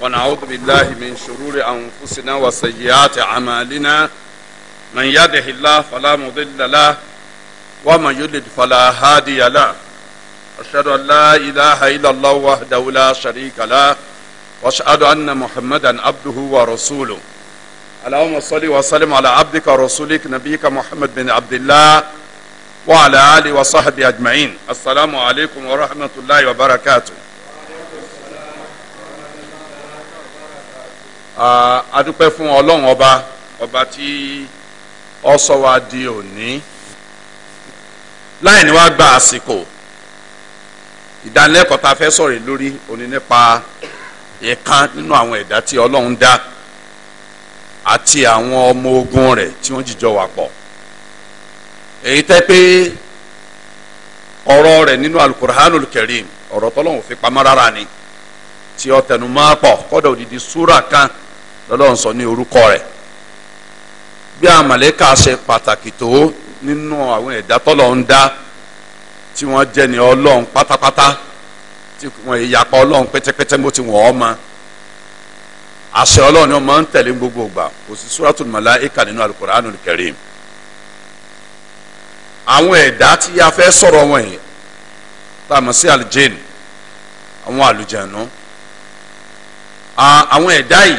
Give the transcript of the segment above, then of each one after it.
ونعوذ بالله من شرور أنفسنا وسيئات أعمالنا من يده الله فلا مضل له ومن يلد فلا هادي له أشهد أن لا إله إلا الله وحده لا شريك له وأشهد أن محمدا عبده ورسوله اللهم صل وسلم على عبدك ورسولك نبيك محمد بن عبد الله وعلى آله وصحبه أجمعين السلام عليكم ورحمة الله وبركاته adúpẹ́ fún ọlọ́run ọba ọba tí ó sọ wa di òní láì ní wá gba àsìkò ìdánilẹ́kọ̀ọ́ tá a fẹ́ sọ̀rọ̀ lórí òní nípa ìkan nínú àwọn ẹ̀dá tí ọlọ́run dá àti àwọn ọmọ ogun rẹ̀ tí wọ́n jìjọ wà pọ̀ èyí tẹ́ pé ọ̀rọ̀ rẹ̀ nínú alukur'anul karim ọ̀rọ̀ tọ́lọ́run fi pamọ́ rárá ni tí ó pọ̀ kọ́dọ̀ òdìdí súrà kan lọ́lọ́run sọ ní orúkọ rẹ̀ bí àwọn màlẹ́kà ṣe pàtàkì tó nínú àwọn ẹ̀dá tọ́lọ̀ ń dá tí wọ́n jẹ́ ní ọlọ́run pátápátá tí wọ́n ìyapa ọlọ́run pẹ́tẹ́pẹ́tẹ́ bó ti wọ̀ ọ́ ma àṣẹ ọlọ́run ni wọ́n máa ń tẹ̀lé gbogbo ìgbà kò sí suratul màláìkà nínú alukoranul karim àwọn ẹ̀dá tí a fẹ́ sọ̀rọ̀ wọn yìí tá a mọ̀ sí aljin àwọn àlùjànnú àwọn ẹ̀dá yìí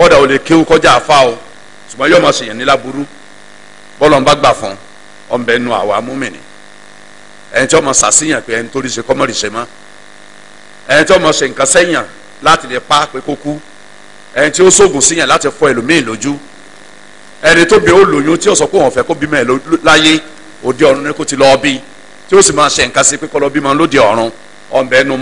kódà ò lè kéwú kọjá àfa o ṣùgbọ́n yóò máa ṣèyàn nílá burú bọ́lọ̀ ń bá gbà fún ọ̀nbẹ nu àwa múmìnì ẹni tí wọ́n máa ṣàṣìyàn pé ẹni tó rí ṣe kọ́mọ́ rí ṣe mọ́ ẹni tí wọ́n máa ṣe nǹkan sẹ́yàn láti lè pa pé kó kú ẹni tí ó ṣoògùn síyàn láti fọ ẹlòmíì lójú ẹni tó bí ó lóyún tí ó sọ pé fẹ́ kó ni kó ti lọ́ọ́ bí tí ó sì máa ṣe nǹkan sí pé kó lọ́ọ́ bímọ lóde ọ̀run ọ̀nbẹ nu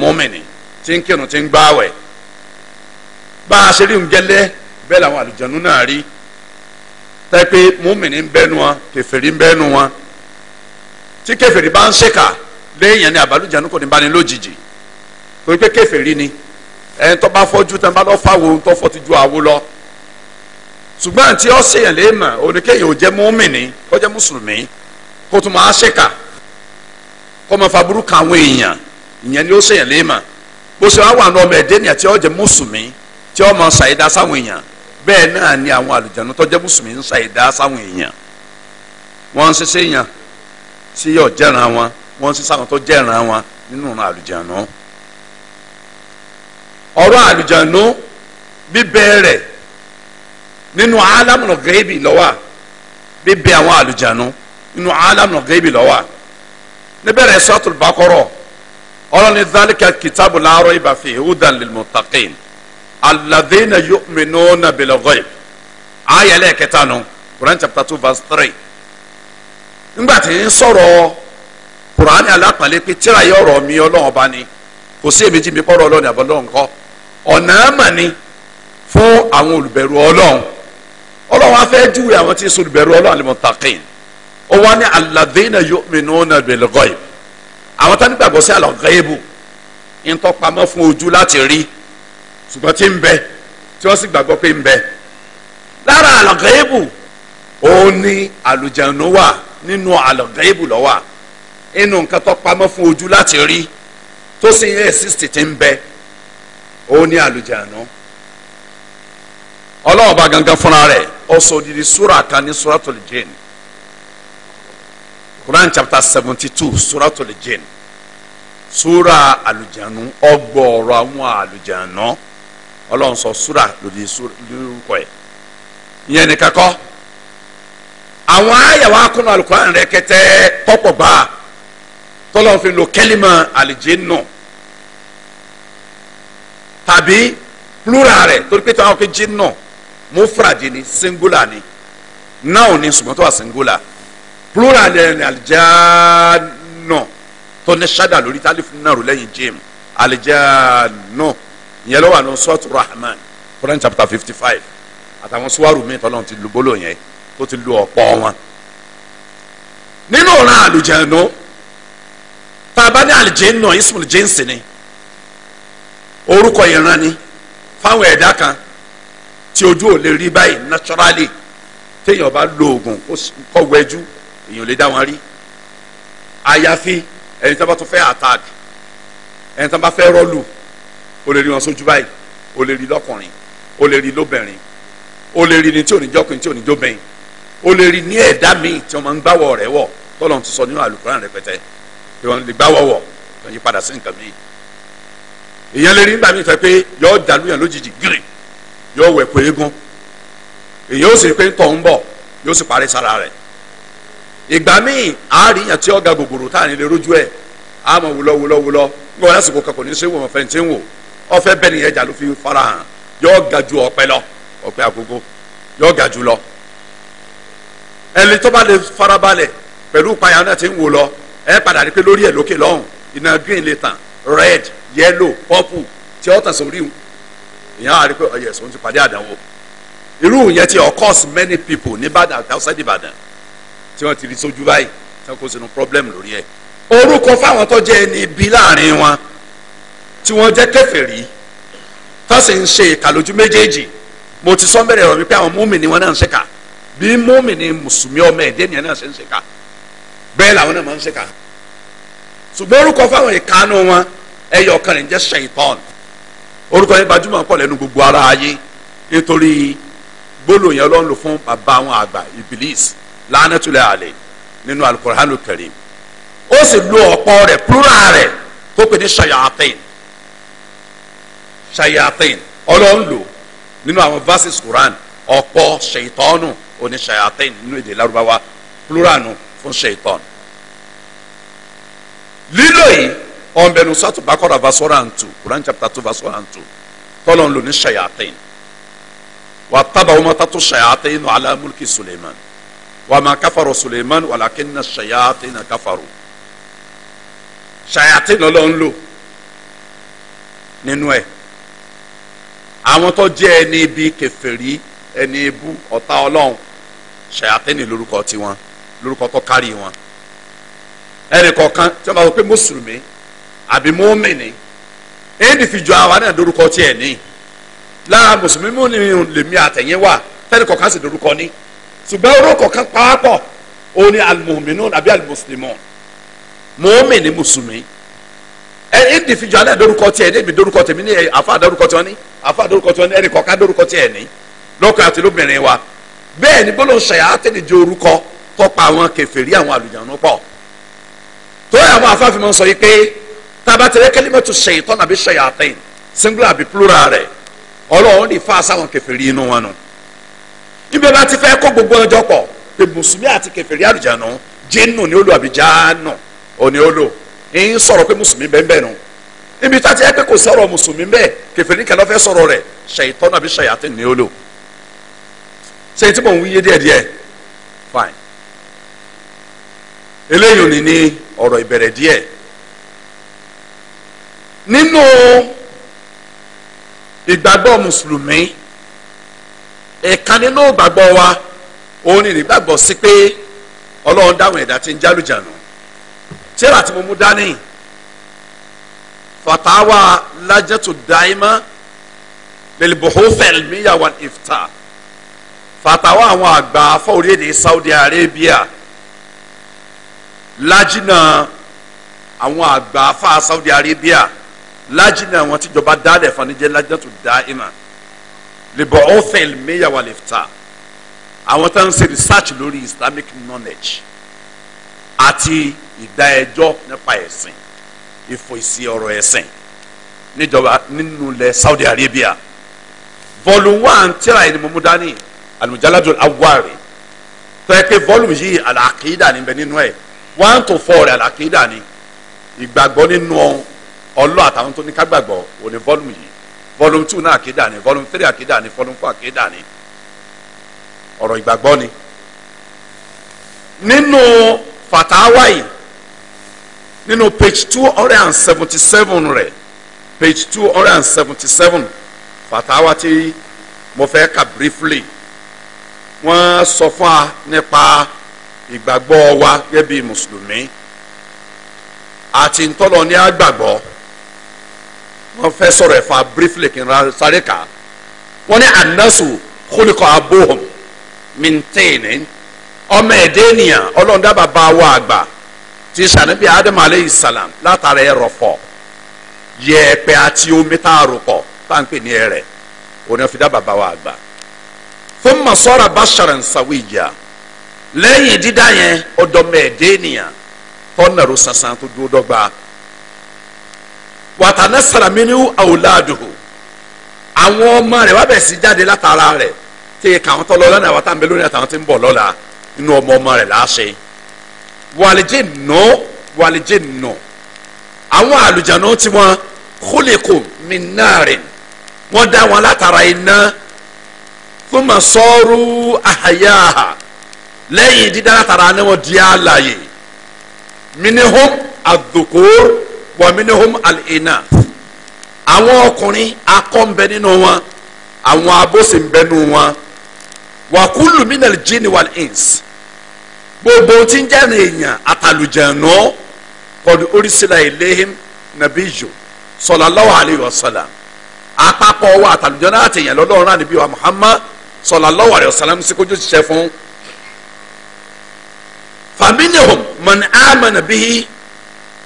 bá a ṣe rí ń gẹ́lẹ́ bẹ́ẹ̀ làwọn àlùjànnú náà rí tẹ́ pé múmìnì ń bẹ́nu wọn kèfèrí ń bẹ́nu wọn tí kèfèrí bá ń ṣèkà léèyàn ni àbálùjànnú kò ní bá ní lójijì torí pé kèfèrí ni ẹni tó bá fọ́jú tán bá lọ́ fáwọn tó fọ́ ti ju àwo lọ ṣùgbọ́n àti ọ̀sẹ̀yàn lè mọ̀ oníkéyìn ò jẹ́ múmìnì kó jẹ́ mùsùlùmí kó tún máa ṣèkà kó máa fa burúkú àwọn èèyàn ìyẹn ni ó ṣèyàn lè mọ̀ bó ṣe wá wà ní ọmọ ẹ̀dẹ́nìyà tí ó jẹ́ mùsùlùmí tí ó máa ṣàyẹ̀dá sáwọn èèyàn bẹ́ẹ̀ náà ni àwọn àlùjánu tó jẹ́ mùsùlùmí ń ṣàìdá sáwọn èèyàn wọ́n ń ṣiṣẹ́ èèyàn tí yóò jẹ́ran wọn wọ́n ń ṣiṣẹ́ àwọn tó jẹ́ran wọn nínú ọ̀rọ̀ àlùjánu ọ̀rọ̀ àlùjánu bíbẹ rẹ̀ nínú alámùnà gẹ́ẹ́bì lọ́wọ́ bíbẹ àwọn àlùjánu nínú alámùnà gẹ́ẹ́bì lọ́wọ́ níbẹ̀rẹ̀ sọ́tù bákọ́rọ̀ ọlọ́ni dhalika kìtàbù láàárọ̀ ìbàfẹ́ hudan lil muttaqin alladhina yu'minuna bil ghaib ayẹlẹ kẹta nù Quran chapter two verse three ngbàtí ń sọ̀rọ̀ Quran alápàlẹ́ pé tíra yẹ ọ̀rọ̀ mi ọlọ́run ọba ni kò sí èmi jí mi kọ́rọ̀ ọlọ́run àbọ̀ ọlọ́run kọ́ ọ̀nà àmà ni fún àwọn olùbẹ̀rù ọlọ́run ọlọ́run á fẹ́ júwe àwọn tí ń sọ olùbẹ̀rù ọlọ́run al-muttaqin ó wá ní alladhina yu'minuna bil ghaib àwọn tá nígbàgbọ́ sí al-ghaibu ń tọ́pamọ́ fún ojú láti rí ṣùgbọ́n tí ń bẹ tí wọ́n sì gbàgbọ́ pé ń bẹ lára ni àlùjànnú wà nínú àlọ́gẹ́bù lọ́wà inú nǹkan tó pamọ́ fún ojú láti rí tó sì ń exist tí ń bẹ gangan fúnra rẹ̀ ọ̀sọ̀ òdìdí súrà kan ní súratul Quran chapter seventy two ọlọ́run sọ súrà lòdì lórúkọ ẹ̀ ìyẹn nìkan kọ́ àwọn àyàwó akọ́nà alukuran rẹ kẹtẹ pọ̀pọ̀ gbà tọ́lọ́run fi lo kẹ́límà àlìjẹ́ nù tàbí plural rẹ torí pé tí wọn mufradi ni singular ni náà ni ṣùgbọ́n tó wà singular plural rẹ ni àlìjẹ́ nù tó ní ṣáda lórí tálífù náà rò lẹ́yìn jim àlìjẹ́ nù. No ìyẹn ló wà ní sọ́ọ̀tù rahman Quran chapter fifty five àtàwọn suwaru mi tọ́lọ́ ti lu bóló yẹn tó ti lu ọ̀pọ̀ wọn. nínú ọ̀ràn àlùjẹ̀nu tá a bá ní àlùjẹ̀nu náà ismul jinsi ni orúkọ ìran ni fáwọn ẹ̀dá kan tí ojú ò lè rí báyìí naturally téèyàn bá lo oògùn kó wẹjú èèyàn lè dá wọn rí àyàfi ẹni tí wọn bá tún fẹ́ attack ẹni tí wọn bá fẹ́ rọ́ọ̀lù o lè rí wọn sójú báyìí o lè rí lọ́kùnrin o lè rí lóbìnrin o lè rí ni tí ò ní jọkùnrin tí ò ní jóbìnrin o lè rí ní ẹ̀dá míì tí wọ́n máa ń gbáwọ̀ rẹ̀ wọ̀ tọ́lọ̀ ti sọ nínú àlùkùrán rẹpẹtẹ pé wọ́n lè gbáwọ̀ wọ̀ wọ́n yí padà sí nǹkan míì èèyàn lè rí nígbà míì fẹ́ pé yọ dàlúyàn lójijì gírì yọ wẹ̀ pé eégún èèyàn ó sì pé tọ̀ ń bọ̀ yóò sì parí sára rẹ̀ ìgbà míì àáríyàn tí ọ̀gá gbogbooro táà ní lè rójú ẹ̀ àmọ̀ wúlọ́wúlọ́wúlọ́ ń gbọ́ lásìkò kankan ní sẹ́wọ̀n fẹ́ntẹ́wọ̀n ọfẹ bẹ nìyẹn jà ló fi fara hàn yọ ga ju ọ̀pẹ lọ ọ̀pẹ àgógó yọ ga jù lọ ẹni tó bá lè farabalẹ̀ pẹ̀lú ìpayà náà ti ń wò lọ ẹ padà rí pé lórí ẹ lókè lọ́hùn iná green lè tàn red yellow purple tí ọ tàn sórí wọn ìyẹn á rí pé ọyẹ oh ẹsùn ti pàdé àdánwò irú yẹn ti occurs many people ní Ìbàdàn outside Ìbàdàn tí wọ́n ti rí sójú báyìí tí wọ́n kó sínú problem lórí ẹ orúkọ fáwọn tó jẹ́ ẹni ibi láàrin wọn tí wọ́n jẹ́ kèfèrí tán sì ń ṣe ìkàlójú méjèèjì mo ti sọ mẹ́rẹ̀ rọ̀ wípé àwọn múmi ni wọ́n náà ń ṣèkà bí múmi ni mùsùlùmí ọmọ ẹ̀dẹ́ nìyẹn náà ṣe ń ṣèkà bẹ́ẹ̀ làwọn náà máa ń ṣèkà ṣùgbọ́n orúkọ fáwọn ìkànnù wọn ẹyọ ọ̀kan rẹ̀ ń jẹ́ ṣèitán orúkọ yẹn gbajúmọ̀ pọ̀ lẹ́nu gbogbo ara ayé nítorí gbólóhùn yẹn ló ń lò fún bàbá àwọn àgbà ibilis lánàtúlẹ̀ àlẹ́ nínú alukoranu karim ó sì lo ọ̀pọ̀ rẹ̀ plural rẹ̀ tó pè ní ṣayàtìn ṣayatin ọlọ́run lò nínú àwọn verses Quran ọ̀pọ̀ ṣètọ́nù oní ṣayatin nínú èdè Lárúbáwá plural nù fún ṣètọ́n. lílo yìí ọ̀nbẹ̀nu sọ́tù bákọ́rọ̀ verse one and two Quran chapter two verse one and two tọ́lọ́run lò ní ṣayatin wà tábàwọn mọ́tà tó ṣayatin nù ala Suleiman wà má káfàrọ̀ Suleiman walakinna ṣayatin nà káfàrọ̀ ṣayatin lọ́lọ́run lò nínú ẹ̀ àwọn tó jẹ́ ẹni ibi kèfèrí ẹni ibú ọ̀tá ọlọ́run ṣàyàtẹ́nì lórúkọ tiwọn lórúkọ tó kárí wọn ẹnì kọ̀ọ̀kan tí wọ́n bá sọ pé mùsùlùmí àbí mùmínì individual àwa náà lórúkọ tiẹ̀ ní lára mùsùlùmí mú ni lèmi àtẹ̀yìn wà tẹ́nì kọ̀ọ̀kan sì lórúkọ ní ṣùgbọ́n orúkọ kan pàápọ̀ òun ni alimuhuminu àbí alimuslimu mùmínì mùsùlùmí ẹ individual náà lórúkọ tiẹ̀ ní èmi lórúkọ tèmi ní àfa àdórúkọ tiwọn ní afa dorúkọ tí wọn ẹnì kọ̀ọ̀ká dorúkọ tí ẹ̀ ní lọ́kọ̀ àti lóbìnrin wa bẹ́ẹ̀ ni gbólóhùn ṣàyàtìlì di orúkọ tọ́pa àwọn kèfèrí àwọn àlùjánu pọ̀ tó yà àwọn afáfin mọ́ sọ yìí pé tabatẹ̀rẹ́ kẹ́límẹ́tù ṣèyítọ́n àbí ṣèyàtìn singular bi plural rẹ̀ ọlọ́run ní fa sáwọn kèfèrí inú wọn nù níbi bá ti fẹ́ kó gbogbo ọjọ́ pọ̀ pé mùsùlùmí àti kèfèrí àlùjánu jẹ́nu ni ó àbí jáánù òní ó ń sọ̀rọ̀ pé mùsùlùmí bẹ́ẹ̀ bẹ́ẹ̀ nù ibi tá a ti ẹ pé kò sọ̀rọ̀ mùsùlùmí bẹ́ẹ̀ kẹfẹ́rí kẹlẹ́ fẹ́ sọ̀rọ̀ rẹ̀ ṣèyítọ́ náà bí ṣèyàtì ní olò ṣèyí tí mò ń wíyé díẹ̀díẹ̀ fine eléyìí ò ní ní ọ̀rọ̀ ìbẹ̀rẹ̀ díẹ̀ nínú ìgbàgbọ́ mùsùlùmí ẹ̀ka nínú ìgbàgbọ́ wa òun ni ìgbàgbọ́ sí pé ọlọ́run dáhùn ẹ̀dá tí ń jálùjànù tíra tí mo mú dání yìí fatawa lajatu daima lilbuhuth elmiya wal ifta fatawa àwọn àgbà afa orílẹ̀-èdè Saudi Arabia lajina àwọn àgbà afa Saudi Arabia lajina àwọn tíjọba dálẹ̀ fanijẹ́ lajatu daima lilbuhuth elmiya wal ifta àwọn tó ń ṣe research lórí Islamic knowledge àti ìdá ẹjọ́ nípa ẹ̀sìn ìfòsí ọ̀rọ̀ ẹ̀sìn níjọba nínú ilẹ̀ Saudi Arabia volume one tíra yìí ni mo mú dání alimujaladu awari tẹ́kẹ́ volume yìí alakida níbẹ̀ nínú ẹ̀ one to four alakida ni ìgbàgbọ́ nínú ọlọ́ àtàwọn tó ní ká gbàgbọ́ òun ni volume yìí volume two náà akida ni volume three akida ni volume four akida ni ọ̀rọ̀ ìgbàgbọ́ ni nínú fatawa yìí nínú page two hundred and seventy seven rẹ̀ page two hundred and seventy seven fatawa tí mo fẹ́ kà briefly wọ́n sọ fún wa nípa ìgbàgbọ́ wa gẹ́gẹ́ bí mùsùlùmí àti ntọ́lọ ní àgbàgbọ́ wọ́n fẹ́ sọ̀rọ̀ ẹ̀fà briefly kí n ra sáré kà wọ́n ní anasu kólikọ̀ abóhùn mintẹ́ẹ̀nì ọmọ ẹ̀dẹ́ ènìyàn ọlọ́run dábàá bá wa àgbà ti sànàbí adamu aleyhi salam látara ẹrọ̀fọ̀ yẹ̀ẹ̀pẹ̀ àti omi tá a rò pọ̀ tá à ń pè ní ẹrẹ̀ òní ọ̀fìdá bàbá wa àgbà fún masọ́ra basharan sawiya lẹ́yìn dídá yẹn ọ̀dọ́mẹ̀ẹ́dẹ́nìyàn tọ́nàró sàṣàn tó dúró dọ́gba wàtánà sàràmínú àwòládùhù àwọn ọmọ rẹ̀ wà bẹ̀ sí jáde látara rẹ̀ tí kàwọn tọ́ lọ lọ́nà àwọn tá à ń bọ̀ lọ́la nínú ọmọ ọmọ rẹ̀ láṣẹ wàlìjì nù wàlìjì nù àwọn àlùjánu tí wọn khuliqu min narin wọn dá wọn látara iná thumma saru ahyaha lẹ́yìn dídá látara ni wọn di àlàyé minihum adhukur wa minihum al-ina àwọn ọkùnrin akọ ń bẹ nínú wọn àwọn abóse ń bẹ nínú wọn wa minal jinni wal ins gbogbo tí ń jẹ́nu èèyàn àtàlùjẹ̀nu kọ́ni orísìlá iléhìn nàbíyù sallallahu alayhi wa sallam àpapọ̀ wa àtàlùjẹ̀nu àti èèyàn lọ́lọ́run náà níbí wa Muhammad sallallahu alayhi wa sallam sí kójú ṣiṣẹ́ fún. faminihum man amana bihi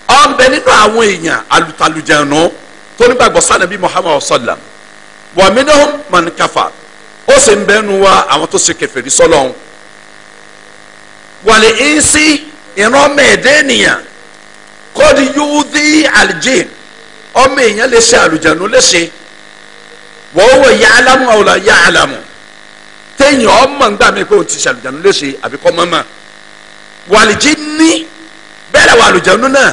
ọ̀nbẹ nínú àwọn èèyàn àlùtàlùjẹ̀nu tó nígbàgbọ́ sànàbí Muhammad sallam wa minihum man kafar ó sì ń bẹ́nu wa wàlẹ̀ ìsì ìran mẹ́ẹ̀dẹ́nìyàn kọ́ọ̀dì yóò dí àlìjìn ọmọ èèyàn lè ṣe àlùjánu léṣe wọ́n wọ̀ yà á lámù àwòlà yà téèyàn ọmọ ń gbà mí pé o ti ṣe àlùjánu léṣe àbí kọ́ mọ́mọ́ wa ní bẹ́ẹ̀ làwọn àlùjánu náà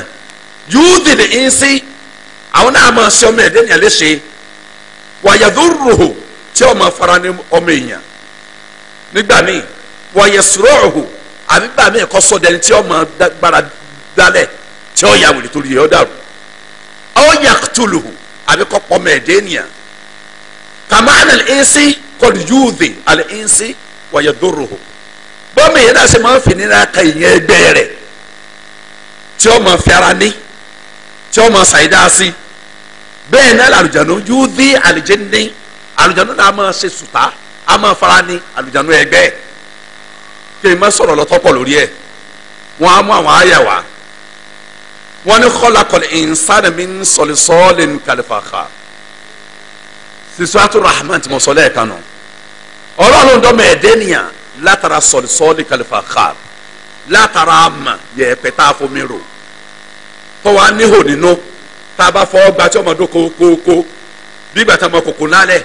yóò dì ní ìsì àwọn náà máa ṣe ọmọ tí ọmọ ní ọmọ èèyàn nígbà míì ọ̀hún àbí bá mi kọ́ sọ́dẹ̀ ní tí ọmọ gbára dálẹ̀ tí ọ yà wòlé torí ẹ̀ ọ dàrú ọ yà tulu àbí kọ́ pọ́ mẹ́ẹ̀dẹ́nìyà kàmáàna ẹ̀ẹ́sì kọ́dù yúùdì àlẹ́ ẹ̀ẹ́sì wàyà dòrò bọ́mọ yẹn náà ṣe máa ń fi nira ka ìyẹn ẹgbẹ́ rẹ̀ tí ọ máa fi ara ní tí ọ máa ṣàyídá sí bẹ́ẹ̀ náà àlùjánu yúùdì àlùjẹ́ni àlùjánu náà máa ṣe sùtá a máa fara ní àlùjánu ẹgbẹ́ rẹ̀ kí n má sọ̀rọ̀ lọ́tọ́pọ̀ lórí ẹ̀ wọ́n á mú àwọn àyà wá wọ́n ní khalaqal insana min solsolin kalifaka sisuatu rahman tí mo sọ lẹ́ẹ̀kan nù ọlọ́run dọ́mọ ẹ̀dẹ́nìyàn látara solsolin kalifaka látara àmà yẹ̀ẹ̀pẹ̀ tá a fomi rò tọ́wọ́ á níhò nínú tá a bá fọ́ gba tí ọmọdún kókókó bí gbàtà ọmọ kòkó lálẹ́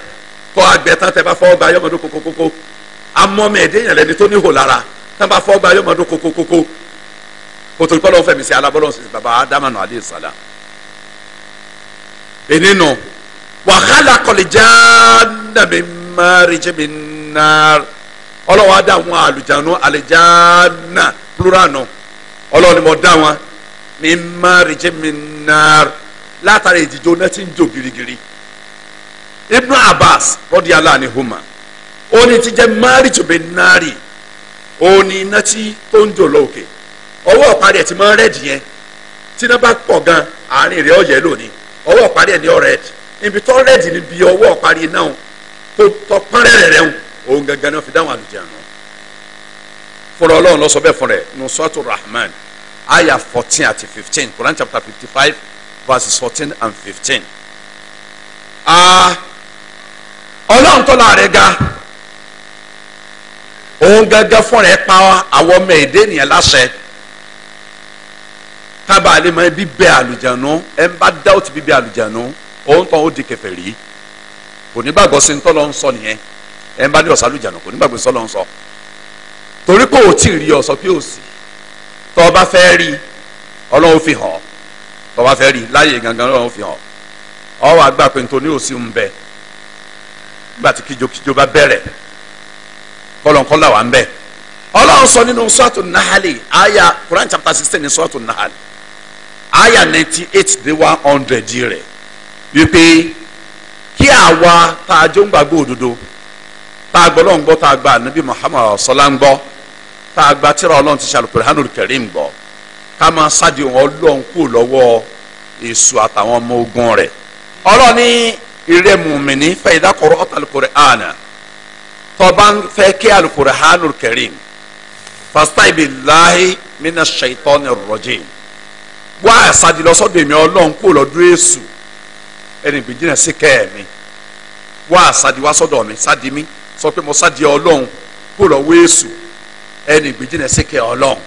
kọ́ àgbẹ̀tàn tẹ́ bá fọ́ gba yọmọdún kókókó amọ́mọ ẹ̀dẹ́yìn lẹni tó níhò lára náà bá fọ́ gba yóò máa dún kókókókó kòtò ìpọ́lọ́ fẹ̀mí sí alábọ́lọ́ sí baba adamu alayhi salam eninu wa khalaqal janna min marij min nar ọlọ́wọ́ adá wọn àlùjánu àlùjáná plural nù ọlọ́wọ́ ni mo dá wọn min marij min nar látara ìdíjọ́ náà ti ń jò girigiri Ibn Abbas radiyallahu anhuma ó ní ti jẹ́ mari tó bẹ nari ó ní iná tí tó ń jò lóòkè ti máa rẹ́ẹ̀dì yẹn tí iná bá gan àárín rẹ̀ ọ̀yẹ́ lónìí ọwọ́ ọ̀parí ẹ̀ ní ọ̀rẹ́ẹ̀dì ibi tó rẹ́ẹ̀dì níbi ọwọ́ ọ̀parí náà tó tọ́ pọ́nrẹ́rẹ́ rẹ̀ òun gangan náà fi dáhùn àlùjáná fúnra ọlọ́run ló sọ bẹ́ẹ̀ fún rẹ̀ nusratu rahman aya fourteen àti fifteen quran chapter fifty five verses fourteen and fifteen. Ah, ọlọ́run tọ́lá rẹ̀ ga òun gángan fúnra ẹ pa àwọn ọmọ èdè ènìyàn láṣẹ tábà alẹ́ mọ́ bíbẹ́ àlùjánu ẹ̀ ń bá dá òtí bíbẹ́ àlùjánu òun tán ó di kèfèrí kò ní gbàgbọ́ sí ntọ́lọ́ ń sọ nìyẹn ẹ̀ ń bá ní ọ̀sán àlùjánu kò ní gbàgbọ́ sí ọlọ́ ń sọ torí pé ò tí ì rí ọ̀sọ́ pé ò sí tọ́ ọ bá fẹ́ rí ọlọ́run fi hàn tọ́ ọ bá fẹ́ rí láyé gangan ọlọ́run fi hàn ọ wà gbà pé ntòní òsì ń bẹ nígbà tí kíjokíjo bá bẹ̀rẹ̀ kọlọ̀nkọlọ̀ wà ń bẹ̀ ọlọ́run sọ nínú sọ́ọ̀tù nahali aya Quran chapter sixteen ní sọ́ọ̀tù nahali aya ninety eight dé one hundred rẹ̀ wípé kí àwa tá a jó ń gbàgbọ́ òdodo tá a gbọ́ lọ́n gbọ́ tá a gba ànábì Muhammad sọlá ń gbọ́ tá a gba tíra ọlọ́run ti ṣàlùkò rẹ̀ kẹrin gbọ́ ká máa sáde wọn ọlọ́run kú lọ́wọ́ èṣù àtàwọn ọmọ ogun rẹ̀ ọlọ́run ní fẹ́ ìdákọ̀rọ̀ ọ̀tàlùkọ̀rẹ̀ àná tó bá ń fẹ́ kí Al-Qur'anul Karim fasta'idh billahi minash shaitonir rajim wá àṣàjì lọ́sọ́dọ̀ èmi ọlọ́run kó lọ́dún èṣù ẹni gbèjìnà sí kẹ́ẹ̀mí wá àṣàjì wá sọ́dọ̀ mi sádi mi sọ pé mo sádi ọlọ́run kó lọ́wọ́ èṣù ẹni gbèjìnà sí kẹ́ẹ̀ ọlọ́run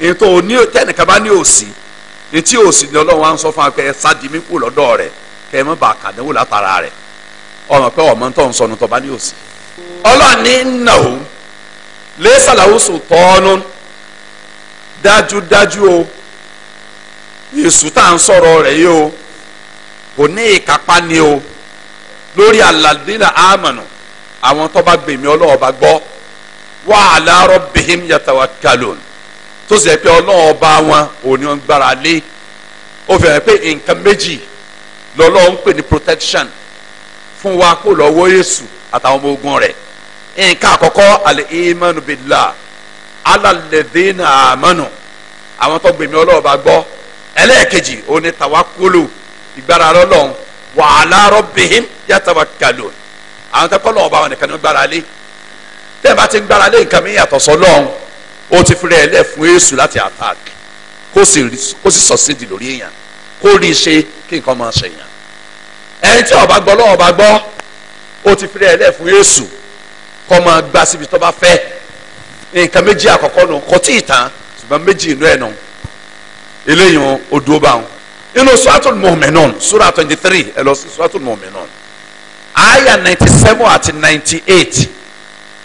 ètò òní tẹnìkan bá ní òsì etí òsì ni ọlọ́run á ń sọ fún wa pé mi kó lọ́dọ̀ rẹ̀ kẹ́ ẹ má látara rẹ̀ ọmọ pé ọmọ tó ń sọnù ní òsì ọlọ́ọ̀ni nàó lẹ́sàlàwùsùn tọ́ọ́nù dájúdájú o èsù tá à ń sọ̀rọ̀ rẹ̀ yìí o kò ní ìkápá ni o lórí aladina amanu àwọn tó bá gbèmí ọlọ́ọ̀ba gbọ́ wà á láàárọ̀ bihim yatawakkalun tó sì yẹ pé ọlọ́ọ̀ba wọn ò ní wọn gbára lé ó fẹ́ràn pé nǹkan méjì lọ́lọ́ọ̀ ń pè ní protection fún wa kó lọ́wọ́ èsù àtàwọn ọmọ ogun rẹ̀ nǹkan àkọ́kọ́ al-imanu billah alalẹ́dínà àmọ́nù àwọn tó gbèmí ọlọ́ọ̀bá gbọ́ ẹlẹ́ẹ̀kejì òní tawakulu ìgbára lọ́lọ́run wa ala rabbihim yatawakkalun àwọn tó kọ́ lọ́ọ̀bá wọn nìkan ní gbára lé tẹ́ẹ̀ bá ti ń gbára lé nǹkan mi yàtọ̀ sọ lọ́run ó ti fi rẹ̀ ẹ̀ lẹ̀ fún èṣù láti àtàkì kó sì sọ sídìí lórí èèyàn kó rí i ṣe kí nǹkan máa ṣèyàn ẹni tí ó gbọ́ lọ́wọ́ gbọ́ ó ti fi rẹ̀ lẹ̀ fún Jésù kó máa gbá síbi tó bá fẹ́ nǹkan méjì àkọ́kọ́ nù kò tí ì tán ṣùgbọ́n méjì inú ẹ̀ nù eléyìí ó dúró bá wọn inú suratul mu'minun sura twenty three ẹ lọ sí suratul mu'minun aya ninety seven àti ninety eight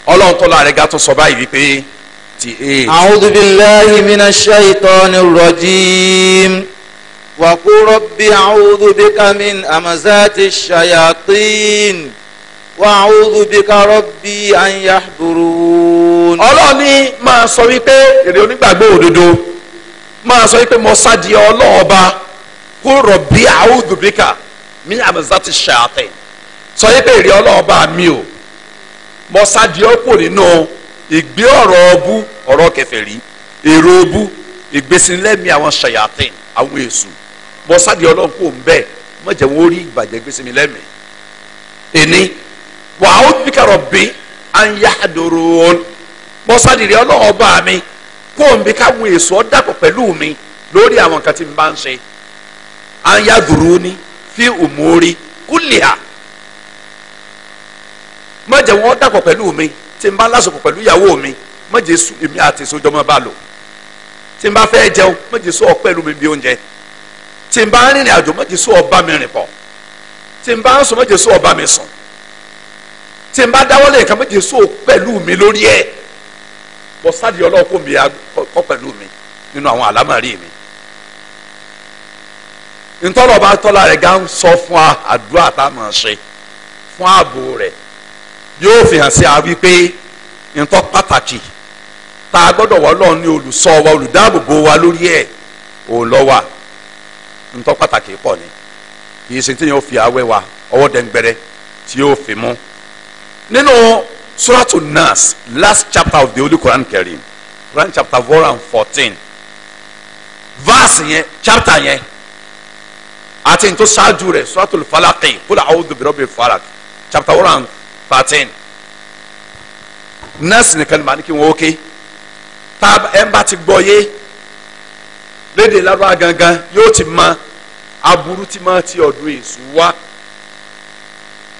ọlọ́run tó láre gàtó sọ báyìí wípé ti eight. a'udhu billahi minash shaitanir rajim wa qul rabbi a'udhu bika min amazati shayatin wàhùdù bíkà rọ́bì ànyàbùrù. ọlọ́ọ̀ni máa sọ wípé èrè onígbàgbọ́ òdodo máa sọ wípé mo sádi ọlọ́ọ̀ba kó rọ̀bì àhùdù bíkà mi àmàzà ti ṣàtẹ̀ sọ wípé èrè ọlọ́ọ̀ba mi o mo sádi ọkọ̀ nínú ìgbé ọ̀rọ̀ ọbú ọ̀rọ̀ kèfèrí èrò ọbú ìgbésínlẹ́mí àwọn ṣàyàtẹ̀ àwọn èṣù mo sádi ọlọ́ọ̀kọ̀ ń bẹ́ẹ̀ rí ìbàjẹ́ gbésínlẹ́mí ẹni wa a'udhu bika rabbi an yahdurun mọ́sádìrí ọlọ́run ọba mi kó n bí káwọn èso dàpọ̀ pẹ̀lú mi lórí àwọn nǹkan tí n bá ń ṣe an yahduruni fi umuri kulliha má jẹ́ wọn dàpọ̀ pẹ̀lú mi tí n bá lásìkò pẹ̀lú ìyàwó mi má jẹ́ sùn èmi àti ìsojọ́mọ́ bá lò tí n bá fẹ́ jẹun má jẹ́ sọ lómi bí oúnjẹ tí n bá rìnrìn àjò má jẹ́ sọ mi rìn pọ̀ tí n bá sùn má jẹ́ sọ mi sùn tí n bá dáwọ́ lé nǹkan méje so pẹ̀lú mi lórí ẹ̀ bọ́ sáàdì ọlọ́run kò mi kọ́ pẹ̀lú mi nínú àwọn àlámọ̀rí mi ntọ́lọ̀ bá tọ́lá rẹ̀ gá ń sọ fún àdúrà tá a máa ṣe fún ààbò rẹ̀ yóò fi hàn sí a wípé ntọ́ pàtàkì tá a gbọ́dọ̀ wọ́ lọ́ọ̀ ní olùṣọ́ wa olùdáàbòbò wa lórí ẹ̀ òun lọ́ ntọ́ pàtàkì pọ̀ ni kì í ṣe tí yóò fi awẹ́ wa ọwọ́ dẹ́ngbẹ́rẹ́ tí yóò fi mú nínú suratu nas last chapter of the holy quran kẹrin quran chapter four and fourteen verse yẹn chapter yẹn àti n tó ṣáájú rẹ̀ suratul falaqi qul a'udhu birabbil falak, chapter one and thirteen nurse nìkan màá ní kí wọn ó ké tá ẹ bá ti gbọ́ yé lédè lábá gangan yóò ti mọ aburú ti máa ti ọdún èso wá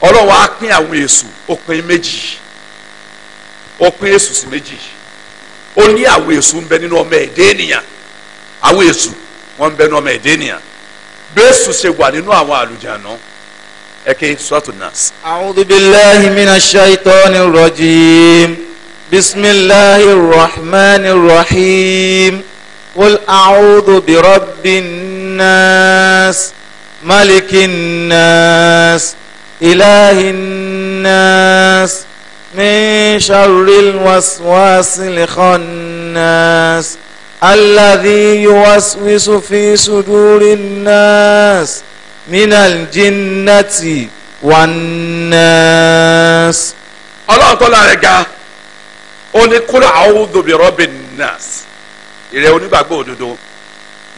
ọlọ́wọ́ á pín àwọn èṣù ó pín méjì ó pín èṣù sí méjì ó ní àwọn èṣù ń bẹ nínú ọmọ ẹ̀dẹ́ ènìyàn àwọn èṣù wọn ń bẹ nínú ọmọ ẹ̀dẹ́ ènìyàn bẹ́ẹ̀sù ṣe wà nínú àwọn àlùjáná ẹ̀kẹ́ sọ́tún nas. a'udhu billahi minash shaitani rajim bisimilahi rahmani rahim wal a'udhu bi rabbin nas malikin nas. إله الناس من شر الوسواس الخناس الذي يوسوس في صدور الناس من الجنة والناس ọlọ́run tó lára ga ó ní kúrò a'udhu bi rabbin nas ìrẹ́ onígbàgbọ́ òdodo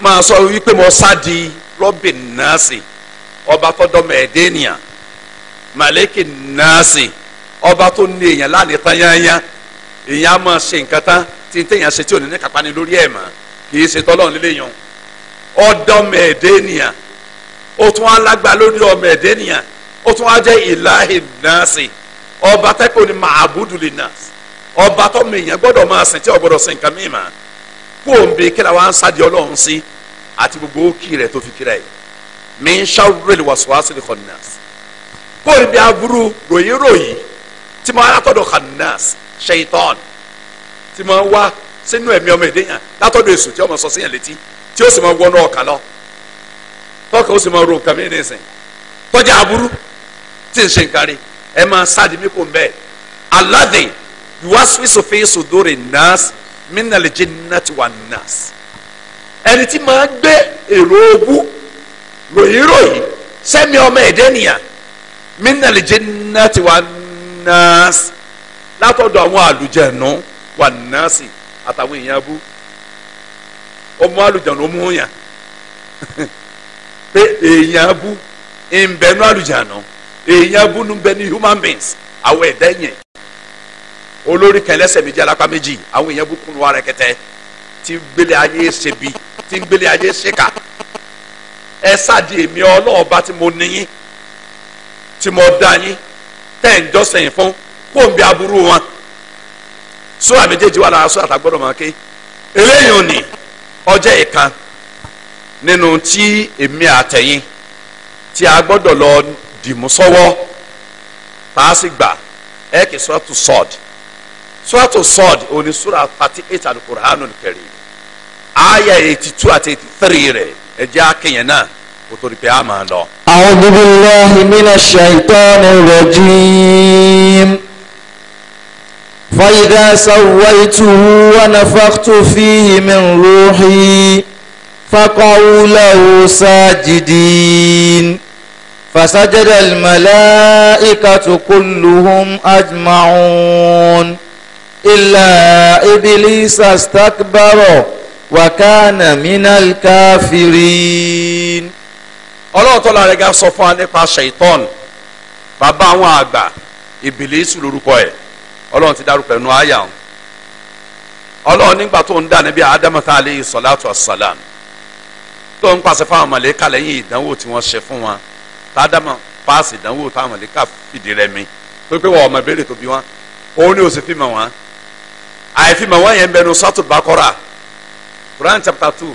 máa sọ wípé mo sáà di rabbin nas ọba tọ́dọ̀ mẹ́ẹ̀dẹ́nìyàn màlẹ́kì nàásì ọba tó ní èèyàn lánàá tán yányá èèyàn á máa ṣe nǹkan tán tí n téèyàn ṣe tí ò ní ní kápá ni lórí ẹ̀ mọ́ kì í ṣe tọ́lọ́run lílé yan ọ̀dọ́mọ ẹ̀dẹ́ ènìyàn ó tún á lágbá lórí ọmọ ẹ̀dẹ́ ó tún á jẹ́ ìláhì nàásì ọba tẹ́kọ̀ọ́ ni màábùdù lè nàásì ọba tọ́mọ èèyàn gbọ́dọ̀ máa sìn tí ò gbọ́dọ̀ sìn nǹkan mímọ́ kó o ń bè kí làwọn á ń sáde ọlọ́run sí àti gbogbo ó kí rẹ̀ tó fi kíra kó níbi aburú ròyìn ròyìn tí mo alátọ̀dọ̀ kanas ṣèyítọ́n tí mo wá sínú ẹ̀mí ọmọ èdè yẹn látọ̀dọ̀ èso tí ọmọ sọ sí yẹn létí tí ó sì máa wọnú ọkàn lọ tọ́kà ó sì máa ro nǹkan mí nìsín tọ́jà aburú tí n ṣe nǹkan ẹ máa sáàdì mí kò ń bẹ́ẹ̀ aládé ìwásíwísọ fèsò dóore nas mínàlè jẹ nàti wà nas ẹni tí máa gbé èrò ogún ròyìn sẹ́mi ọmọ ẹ̀dẹ́ nìyà minal jinnati wan nas látọ̀dọ̀ àwọn àlùjẹ̀nu wan nasi àtàwọn èèyàn abú ọmọ àlùjẹ̀nu mú yàn pé èèyàn abú ìbẹ̀nu àlùjẹ̀nu èèyàn abú nu bẹ ní human beings àwọn ẹ̀dá yẹn olórí kẹlẹ́sẹ̀ méjì alápá méjì àwọn èèyàn abú kunu wa rẹ̀kẹ̀tẹ̀ tí ń gbélé ayé ṣebi tí ń gbélé ayé ṣèkà ẹ sáà di èmi ọlọ́ọ̀ba tí mo níyìn tí mo dá yín tẹ́ ń jọ́sìn fún kó n bí aburú wọn sóra méjèèjì wà lára sóra àtàgbọ́dọ̀ máa ké eléyìí ò ní ọjọ́ ìkan nínú tí èmi àtẹ̀yìn tí a gbọ́dọ̀ lọ dìmú sọ́wọ́ tá a sì ẹ kì í suratu sọ́ọ̀d suratu sọ́ọ̀d òní sóra thirty eight al-Qur'anul Karim àyà eighty àti eighty three rẹ̀ ẹ̀jẹ̀ akẹ́yẹ̀ náà kó tó di pé a máa lọ. A'udhu billahi minash shaitanir rajim. فإذا سويته ونفخت فيه من روحي فقعوا له ساجدين فسجد الملائكة كلهم أجمعون إلا إبليس استكبر وكان من الكافرين ọlọ́ọ̀tọ́ la rẹ̀ ga sọ fún wa nípa ṣèitọ́n bàbá àwọn àgbà ìbìlísù lórúkọ ẹ̀ ọlọ́run ti dárúkọ ẹnu àyà wọn ọlọ́run nígbà tó ń dà níbi àdámọ́tà aleyhi sọláàtù asàlám tó ń pàṣẹ fáwọn mọ̀lẹ́kà lẹ́yìn ìdánwò tí wọ́n ṣe fún wọn tádámọ̀ páàsì ìdánwò táwọn mọ̀lẹ́kà fìdí rẹ̀ mi tó pé wọ́n ọmọ ìbéèrè tó bí wọn òun ni ó sì fi mọ̀ wọn àìfimọ̀ wọn yẹn bẹnu sọ́tù bákọ́rà Quran chapter two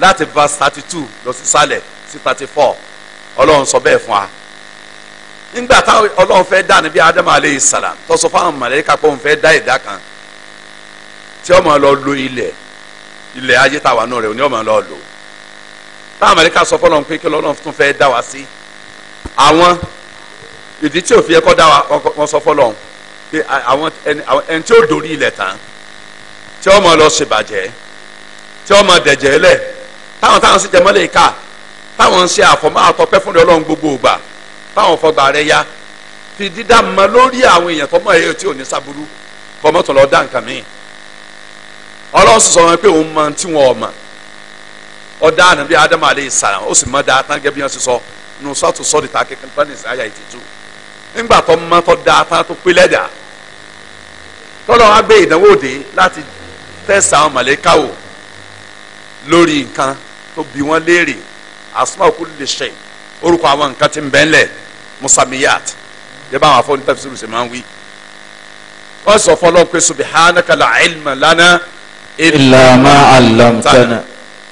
láti verse thirty two lọ sí sálẹ̀ sí thirty four ọlọ́run sọ bẹ́ẹ̀ fún wa nígbà táwọn ọlọ́run fẹ́ dá níbi Ádámù aleyhi salam tó sọ fáwọn màlẹ́kà pé òun fẹ́ dá ìdá kan tí ọmọ lọ lo ilẹ̀ ilẹ̀ ayé táwa náà rẹ̀ ò ní ọmọ lọ lò táwọn màlẹ́kà sọ fọlọ́run pé kí ọlọ́run tún fẹ́ dá wa sí àwọn ìdí tí òfin ẹ̀kọ́ dá wa wọ́n sọ fọlọ́run pé àwọn ẹni tí ó dorí ilẹ̀ tán tí ọmọ lọ ṣèbàjẹ́ tí ọmọ dẹ̀jẹ̀ lẹ̀ táwọn táwọn sì jẹ mọ́lẹ̀ ká táwọn ń ṣe àfọ̀mọ́ àtọ́pẹ́ fún ọlọ́run gbogbo ògbà táwọn fọgbà rẹ ya fi dídá mọ lórí àwọn èèyàn tó mọ èyí tí ò ní sábúrú kọ́mọ́ tó lọ dá nǹkan mí. ọlọ́run sì sọ wọn pé òun mọ tí wọn ò mọ ọ̀dà ànábì ádámù alayhi salam ó sì mọ dáa tán gẹ́gẹ́ bí wọ́n ti sọ nù sọ́ọ̀tù sọ́ọ̀dì ta kékeré pẹ́ẹ́nì sí àyà ìtìjú nígbà tó mọ tó dáa tán tó pé lẹ́dà tọ́lọ́ wọn gbé ìdánwò dé láti tẹ̀sán mọ̀lẹ́káwò lórí nǹkan tó bí wọ́n léèrè asma kulli shay orúkọ àwọn nǹkan tí ń bẹ ńlẹ̀ musamiyat yẹ bá àwọn afọ ní tafsir ṣe máa ń wí. wọ́n sọ fọlọ́ pé subhanaka la ilma lana illa ma 'allamtana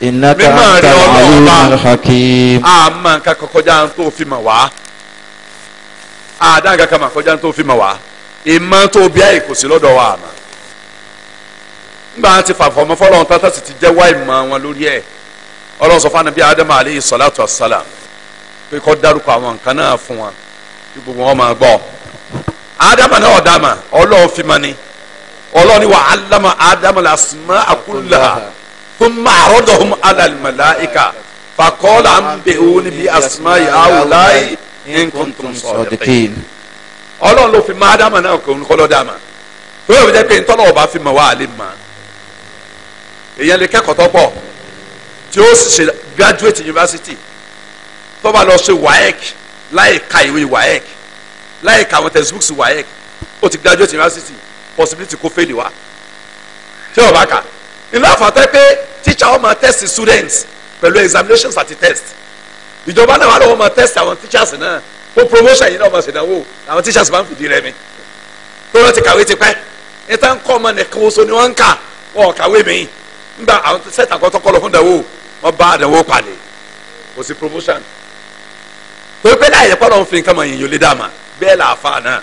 innaka anta alimul hakim. a máa ń ka kọjá tó fi ma wá a dáhùn kankan máa kọjá tó fi ma wá ìmọ̀ tó bí àyè kò sí lọ́dọ̀ wa àmà. nígbà tí fàfọ́mọ́fọ́lọ́ ń tán tó sì ti jẹ́ wá ìmọ̀ wọn lórí ẹ̀ ọlọ́run sọ fún anabi adamu aleyhi salatu wasalam pé kó dárúkọ àwọn nǹkan náà fún wa kí gbogbo wọn máa gbọ́ adamu náà ọ̀dàmà ọlọ́run fi ma ni ọlọ́run ni wà á lámà adamu làásùmá àkúlà fún màrọ́dọ̀hún alàlùmọ̀láìkà fàkọ́lá ń bẹ̀ òun níbi àsùmá ìhàwù láì in kuntum sadiqin ọlọ́run ló fi ma adamu náà kò ń kọ́lọ́ dàmà tó yẹ kó jẹ́ pé ntọ́lọ́wọ́ bá fi ma wá àlè ma èèyàn lè kẹ́kọ̀ọ́ tó pọ̀ tí ó sì ṣe graduate university tó bá lọ ṣe waec láì ka ìwé waec láì àwọn textbooks waec ó ti graduate university possibility kó fèlè wá tí ó bá kà ìlú àfàtẹ́ pé teacher ó máa test students pẹ̀lú examinations àti test ìjọba náà wà lọ́wọ́ máa test àwọn teachers náà ó promotion yìí náà máa ṣèdánwò àwọn teachers máa ń fìdí rẹmi tó lọ́ọ́ ti kàwé tipẹ́ ìtàn kọ́ ọmọ nìkan oṣù ni wọ́n ń kà wọ́n kàwé mìíràn nígbà àwọn sẹ́tà kan tọ́kọ́ lọ fún ìdánwò wọ́n bá ìdánwò pàdé kò sí promotion tó pé láyé kọ́ lọ́n fi nǹkan mọ̀ yìnyín lé dàmà bẹ́ẹ̀ là àfa náà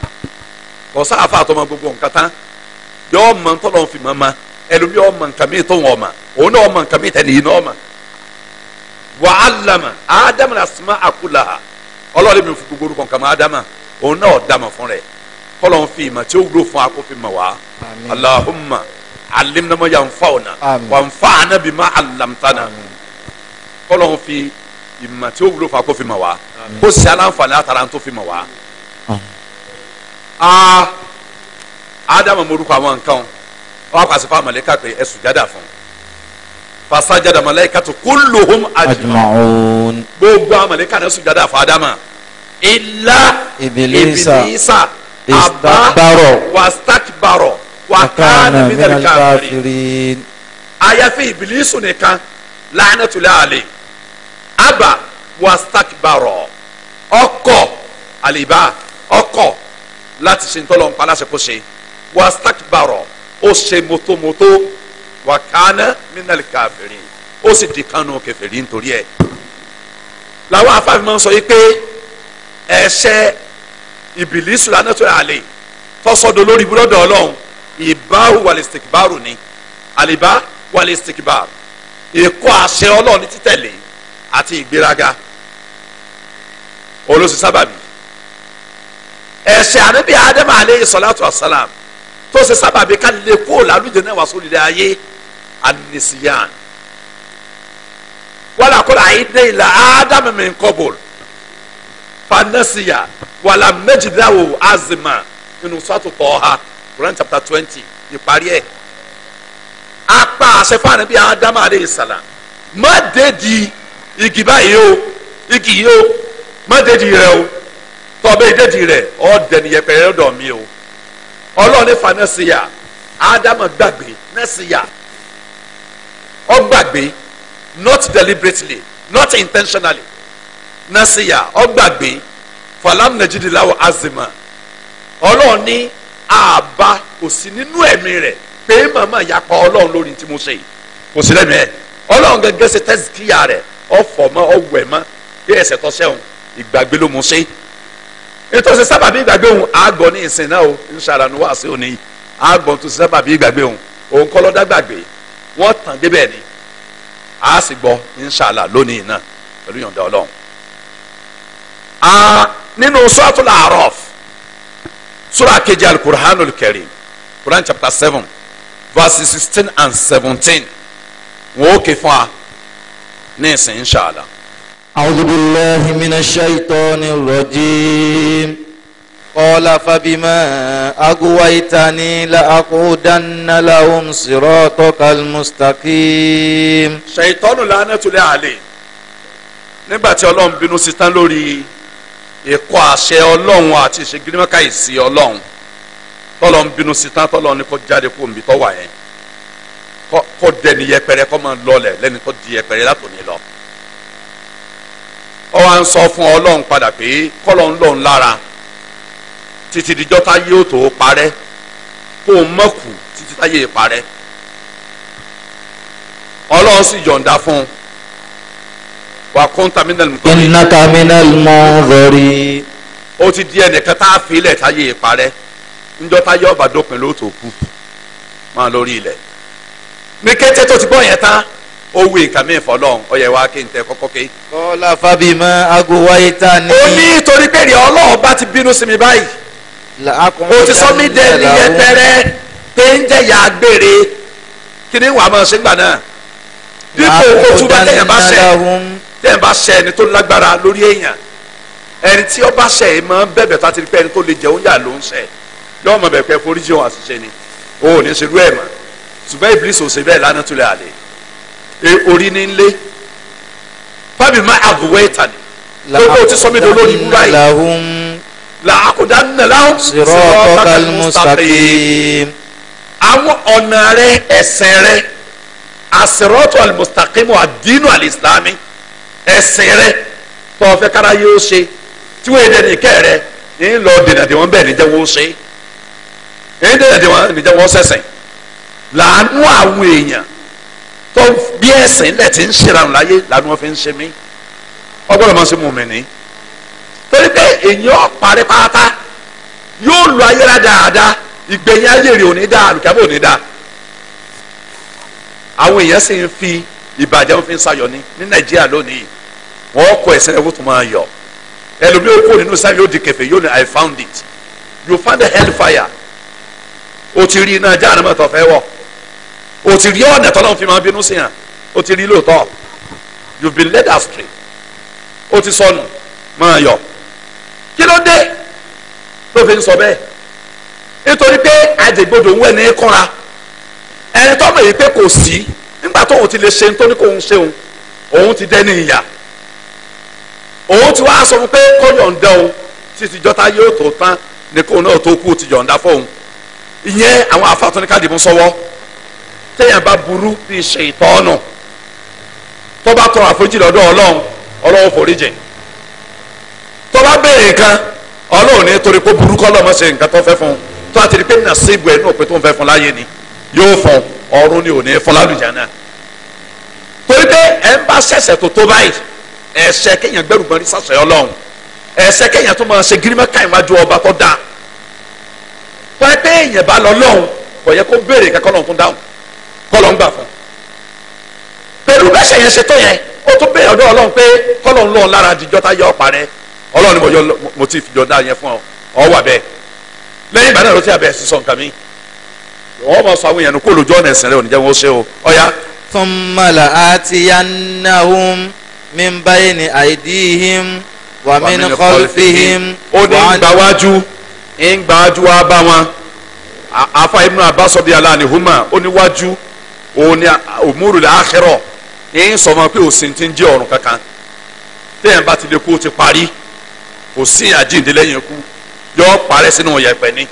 kò sá àfa àtọmọ gbogbo nǹkan tán yọ mọ ntọ́ lọ́n fi mọ́ ma ẹlòmíì ọmọ nǹkan mi tó wọn ọmọ òun náà ọmọ nǹkan mi tẹ̀ nìyí náà ọmọ wà á lamà ádámù la sùnmọ́ àkúlà ọlọ́ọ̀lẹ́ mi fi gbogbo orúkọ nǹkan mọ́ ádámà òun náà ọ̀ dàmà fún rẹ̀ kọ́ lọ́n fi ìmọ̀ tí ó wúlò fún akófin mọ̀ wá Allahumma alimna ma yanfa'una wanfa'na bima alamtana kọlọn fi ìmọ̀ tí ó wúlò fún akófin ma wa kó sì aláǹfààní àtàrà ń tó fi ma wa. aa ádámù morúkọ àwọn nǹkan wọn kò àsìkò àmàlẹ́kà pé ẹ̀sùn jáde àfọ̀n fasajada malaikatu kulluhum ajma'un gbogbo amalika náà sùjádà fún adama illa ibilisa ibilisa istakbaro wastakbaro wa kana minal kafirin àyàfi ìbílísù nìkan la'natullahi alayhi aba wastakbaro ọkọ̀ àlìbá ọkọ̀ láti ṣe ntọ́lọ̀ nǹkan aláṣẹ kó ṣe wastakbaro ó ṣe mọ́tòmọ́tò wa kana minal kafirin ó sì di kanu kèfèrí nítorí ẹ̀ làwọn afáfin máa ń sọ yìí pé ẹ̀ṣẹ̀ ìbílísù la'natullahi alayhi tọ́sọ̀dọ̀ lórí búlọ́dọ̀ ọlọ́run ìbáwò wàlẹ̀sìtìkìbárò ni àlìbá wàlẹ̀sìtìkìbárò ìkọ́ àṣẹ ọlọ́run ní títẹ̀lé àti ìgbéraga olóṣù sábàbí ẹ̀ṣẹ̀ ànábì ádámù aleyhi salatu wasalam tó ṣe sábàbí ká lè kó làlùjẹ náà wá sórí ilé ayé anisiyan wàlà kó láyé dé ilà ádámù min fanasiya wàlà méjìdáwò azima nínú sọ́tò tọ́ ha. Quran chapter twenty ìparí ẹ̀ apá àṣẹfáàní bíi Ádámù aleyhi salam má dédi igi báyìí o igi yìí o má dédi rẹ o tọ́bẹ̀ dédi rẹ ọ́ dẹni yẹpẹrẹ dọ̀ mí o ọlọ́ọ̀ni fa nẹ́sìyà Ádámù gbàgbé nẹ́sìyà ó gbàgbé not deliberately not intentionally nẹ́sìyà ó gbàgbé falam najidilawo azima ọlọ́ọ̀ni àbá kò sí nínú ẹ̀mí rẹ̀ pé màmá yapa ọlọ́run lórí tí mo ṣe yìí kò sí lẹ́mìí ẹ̀ ọlọ́run gẹ́gẹ́ ṣe tẹ́síkìyà rẹ̀ ọ̀fọ̀ mọ́ ọ̀wẹ̀ mọ́ bí ẹ̀sẹ̀ tó ṣẹ̀hún ìgbàgbé ló mú ṣe nítorí sábàbí ìgbàgbé òun àgọ́ ní ìsìn náà o ń ṣàrànú wá sí òní àgọ́ tó sábàbí ìgbàgbé òun òun kọ́ lọ́dá gbàgbé wọ́n tàn débẹ̀ ni a sì gbọ́ inṣàlá lónìí náà pẹ̀lú yọ̀ǹda ọlọ́run. nínú sọ́ọ̀tún làárọ̀ f sura kejì alukur'anul karim quran chapter seven verse sixteen and seventeen wọn ó ké fún wa ní ìsìn inṣàlá. أعوذ بالله من الشيطان الرجيم قال فبما أغويتني لأقودن لهم صراطك المستقيم. ṣèyítọ́nù lánàá tulẹ̀ àlè nígbà tí ọlọ́run bínú ìkọ̀ àṣẹ ọlọ́run àti ìṣègírímọ́ká ìsì ọlọ́run tọ́lọ́ ń bínú sí tán tọ́lọ́ ní kó jáde kó omi tọ́ wà yẹn kó dẹni yẹpẹrẹ kó máa lọlẹ̀ lẹ́ni tó di yẹpẹrẹ látòní lọ. ó wá ń sọ fún ọlọ́run padà pé kọ́lọ́ ń lọ́run lára títí dijọ́ tá yóò tó parẹ́ kó o mọ̀kù títí tá yóò parẹ́ ọlọ́run sì yọ̀ǹda fún un wa kunta minal munzari. innaka minal munzari. ó ti di ẹnìkan tá a fi ilẹ̀ táyé parẹ́ njọ́ táyé ọba dópin ló tó kú máa lórí ilẹ̀ ní kété tó ti gbọ́ yẹn tán ó wí nǹkan mi fọlọ́n ó yẹ wá kí n tẹ kọ́kọ́ ké. kọ́lá fábímọ́ agowáyé tá ni. ó ní torí pé ìrìn ọlọ́run bá ti bínú sí mi báyìí. o ti sọ mí dẹ nìyẹn tẹ́rẹ́ pé ń jẹ́ yà á gbére kí ni wàá máa ṣe gbà náà. dípò kó túbọ̀ lẹ́yìn bá ṣe tẹ́yìn bá ṣe ẹni tó lágbára lórí èèyàn ẹni tí ó bá ṣe é máa ń bẹ̀bẹ̀ tá a ti rí pé ẹni tó lè jẹ oúnjẹ ló ń ṣe yóò mọ̀ bẹ̀ pé forí jẹun àṣìṣe ni o ò ní ṣe rú ẹ̀ mọ̀ ṣùgbọ́n Iblis ò ṣe bẹ́ẹ̀ lánàá tó lè àlè e, orí ní lé fábì má àbúwẹ́ ìtàní lọ́wọ́ ti sọ mí dolo ìlú báyìí làákùdá nà láwọn siratal mustaqim àwọn ọ̀nà ẹ̀sìn rẹ tó ọ̀fẹ́ kára yóò ṣe tí wọ́n èdè nìkẹ́ rẹ ń lọ dènà tí wọ́n bẹ̀ níjẹ́ wọ́n ṣe ń dènà tí wọ́n níjẹ́ wọ́n sẹ̀sìn làánú àwọn èèyàn tó bí ẹ̀sìn lẹ̀ ti ń ṣèrànù láyé làánú wọn fi ń ṣe mí ọgbọ́dọ̀ máa ṣe mú mi ní torí pé èèyàn parí pátá yóò lo ayéra dáadáa ìgbẹ̀yìn ayé rẹ̀ ò ní dáa àlùkàbọ̀ ò ní dáa àwọn èèyàn sì ń fi ìbàjẹ́ wọn fi ń sayọ̀ ní ní nàìjíríà lónìí wọ́n kọ ẹsẹ̀ rẹ̀ wọ́n máa yọ ẹlòmíì ó nínú sáà yóò di kẹfẹ́ yóò ní i found it you found the hell fire o ti rí iná ajá àrùn ẹ̀tọ́ fẹ́ wọ̀ o ti rí ọ̀nà tọ́lọ́ fi máa bínú sí o ti rí lóòótọ́ you been led astray o ti sọnù máa yọ kí ló dé tó fi ń sọ bẹ́ẹ̀ nítorí pé àjẹgbodò ń wẹ̀ ní kọ́ra ẹni tọ́mọ̀ yìí pé kò sí nígbà tóun ti lè ṣe ní tó ní kóun ṣeun òun ti dẹ́ni ìyà òun ti wá sọ fún pé kó yọ̀ǹda òun títí jọta yóò tó tán ní kóun náà tó kú ti yọ̀ǹda fóun ìyẹn àwọn afáàtún ní káàdì mú sọ́wọ́ téèyàn bá burú bíi ṣe ìtọ́nù tó bá tọrọ àforíjì lọ́dọ̀ ọlọ́run ọlọ́run forí jìn tó bá béèrè nǹkan ọlọ́run ní torí pé burú kọ́ lọ́mọ ṣe nǹkan tó fẹ́ fún un tó àti rí pé nàṣíbù ẹ̀ ní òpin tó ń fẹ́ fún láyé ni yóò fún ọ̀run ni ò ní fún lálùjáná torí pé ẹ̀ ń bá ṣẹ̀ṣẹ̀ tó tó báyìí ẹ̀ṣẹ̀ kéèyàn gbẹrù gbọ́n rí sàṣẹ ọlọ́run ẹ̀ṣẹ̀ kéèyàn tó máa ṣe gírímọ̀ káyìn wájú ọba tó dáa wọ́n pé èèyàn bá lọ lọ́hùn kò yẹ kó béèrè kankan lọ́hùn tó dáhùn kọ́lọ́ ń gbà fún un pẹ̀lú bẹ́sẹ̀ yẹn ṣe tó yẹn ó tún béèrè ọ̀dọ̀ ọlọ́run pé kọ́lọ́ ń lọ́hùn lára àdìjọ́ tá yọ ọ̀pá rẹ ọlọ́run ni mo yọ mo ti fi jọdá yẹn fún ọ ọ wà bẹ́ẹ̀ lẹ́yìn ìgbà náà ló ti àbẹ̀ sísọ nǹkan mi wọ́n mọ̀ sọ àwọn èèyàn kó lójú ọ̀nà ẹ̀sìn rẹ òní jẹ́ wọn ó ṣe o ọ̀ya. thumma la'atiyannahum min bayni aydihim wa min khalfihim ó ní gbàwájú ń gbàwájú wa bá wọn afa ibnu abbas bi ala ni huma ó ní wájú ó ní umuru la akhirah ń sọ ma pé òsì ti ń jẹ ọ̀run kankan téèyàn bá ti lè kú ó ti parí kò sí àjíǹde lẹ́yìn ikú yọ parẹ́ sínú yẹ̀pẹ̀ ni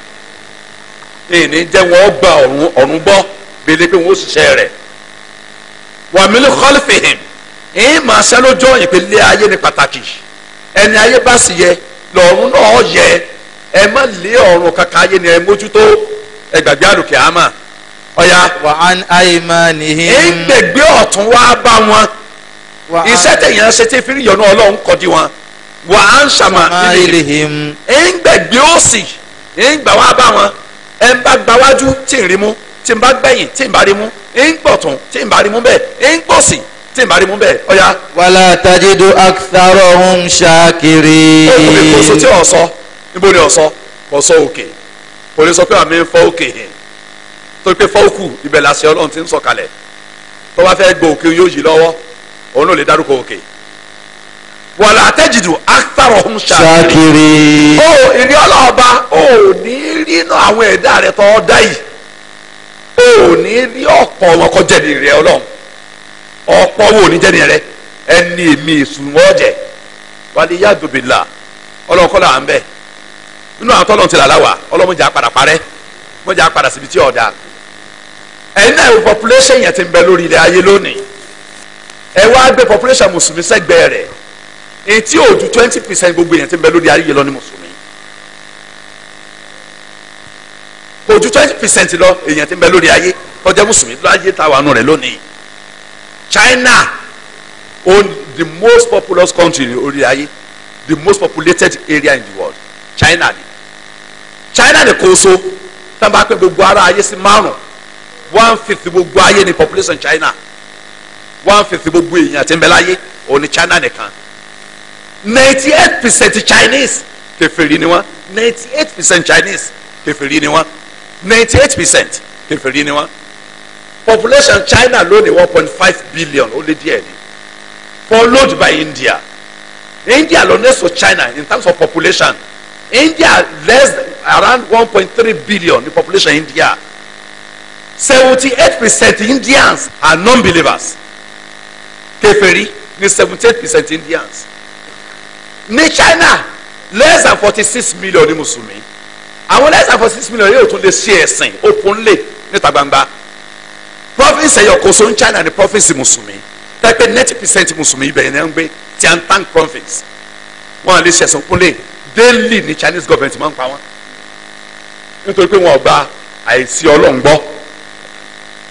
èyí jẹ́ wọn gba ọ̀run gbọ́ gbélé pé wọn ó ṣiṣẹ́ rẹ̀ wàmílì khalfihim èyí máa ṣe lójó yẹn pé lé ayé ní pàtàkì ẹni ayé bá sì yẹ lọ́run náà yẹ ẹ má lé ọ̀run kankan ayé ni ẹ mójútó ẹ gbàgbé àlùkè àmà ọ̀ya. wà á àyèmá nìyí. èyí gbègbè ọ̀tún wá bá wọn iṣẹ́ tẹ̀yàn ṣe ti fírí yọ̀nà ọlọ́run kọ́ di wọn wà á ń ṣàmà ìlèhìm. èyí gbègbè òsì èyí gbà wá bá wọn ẹ ń bá gbáwájú tí ń rí mú tí ń bá gbẹ̀yìn tí ń bá rí mú èyí gbọ̀tún tí ń bá rí mú bẹ́ẹ̀ èyí gbòsì tí n bá rí mú bẹ́ẹ̀ ọ̀ya. wàlá tajidu aktharahum shakirin. ó kò ní kóso tí ò sọ níbo ni ò sọ kò sọ òkè kò ní sọ pé àmì fọ òkè hìn torí pé fọ́ọ̀kù ibẹ̀ làṣẹ ọlọ́run ti ń sọ kalẹ̀ tó bá fẹ́ gbọ́ òkè yóò yí lọ́wọ́ òun náà lè dárúkọ òkè. wàlá tajidu aktharahum shakirin. ó ìní ọlọ́ọ̀ba ò ní rí inú àwọn ẹ̀dá rẹ̀ tọ́ ọ dá yìí ò ní rí ọ̀pọ̀ wọn ọ̀pọ̀ wo ní jẹ́ni rẹ ẹni èmi ìsùn ọ̀jẹ̀ wàlẹ̀ yá dòbìlà ọlọ́kọ́lá à ń bẹ̀ nínú àwọn tọ́lọ̀ ti làlá wa ọlọ́mọdé àpàdà parẹ́ mọ́jà àpàdà síbi tí ọ̀dà ẹ̀yin náà population yẹn ti ń bẹ lórí ilẹ̀ ayé lónìí ẹ wá gbé population mùsùlùmí sẹ́gbẹ̀ẹ́ rẹ̀ èyí tí ò ju twenty percent gbogbo yẹn ti ń bẹ lórí ayé lọ mùsùlùmí kò ju twenty percent lọ èyàn ti ń bẹ lórí ayé tọ́jà mùsùlùmí lọ́ọ́ ayé táwa nù rẹ̀ lónìí China own the most populous country in orí ayé the most populated area in the world China ni China ni koso tamba tá a bá pín gbogbo ara ayé sí márùn one fifth gbogbo ayé ni population China one fifth gbogbo èèyàn tí ń bẹ láyé òun ni China nìkan ninety eight percent Chinese kèfèrí ni wọ́n ninety eight percent Chinese kèfèrí ni wọ́n ninety eight percent kèfèrí ni wọ́n population China lónìí one point five billion ó lé díẹ̀ ni followed by India India ló next to China in terms of population India less around one point three billion the population India seventy-eight percent Indians are non-believers kèfèrí ni seventy-eight percent Indians ní China less than forty-six million ni mùsùlùmí àwọn less than forty-six million yóò tún lè ṣe ẹ̀sìn openly níta gbangba province ɛyɛ ɔkoso nkyɛn na ne province musomi tɛpɛ ninety percent musomi bɛyɛ na ngbe tiantan province wọn lè ṣẹ̀sán kúnlẹ̀ daily ni chinese government máa ń pa wọn nítorí pé wọn ò gba àìsí ọlọ́run gbọ́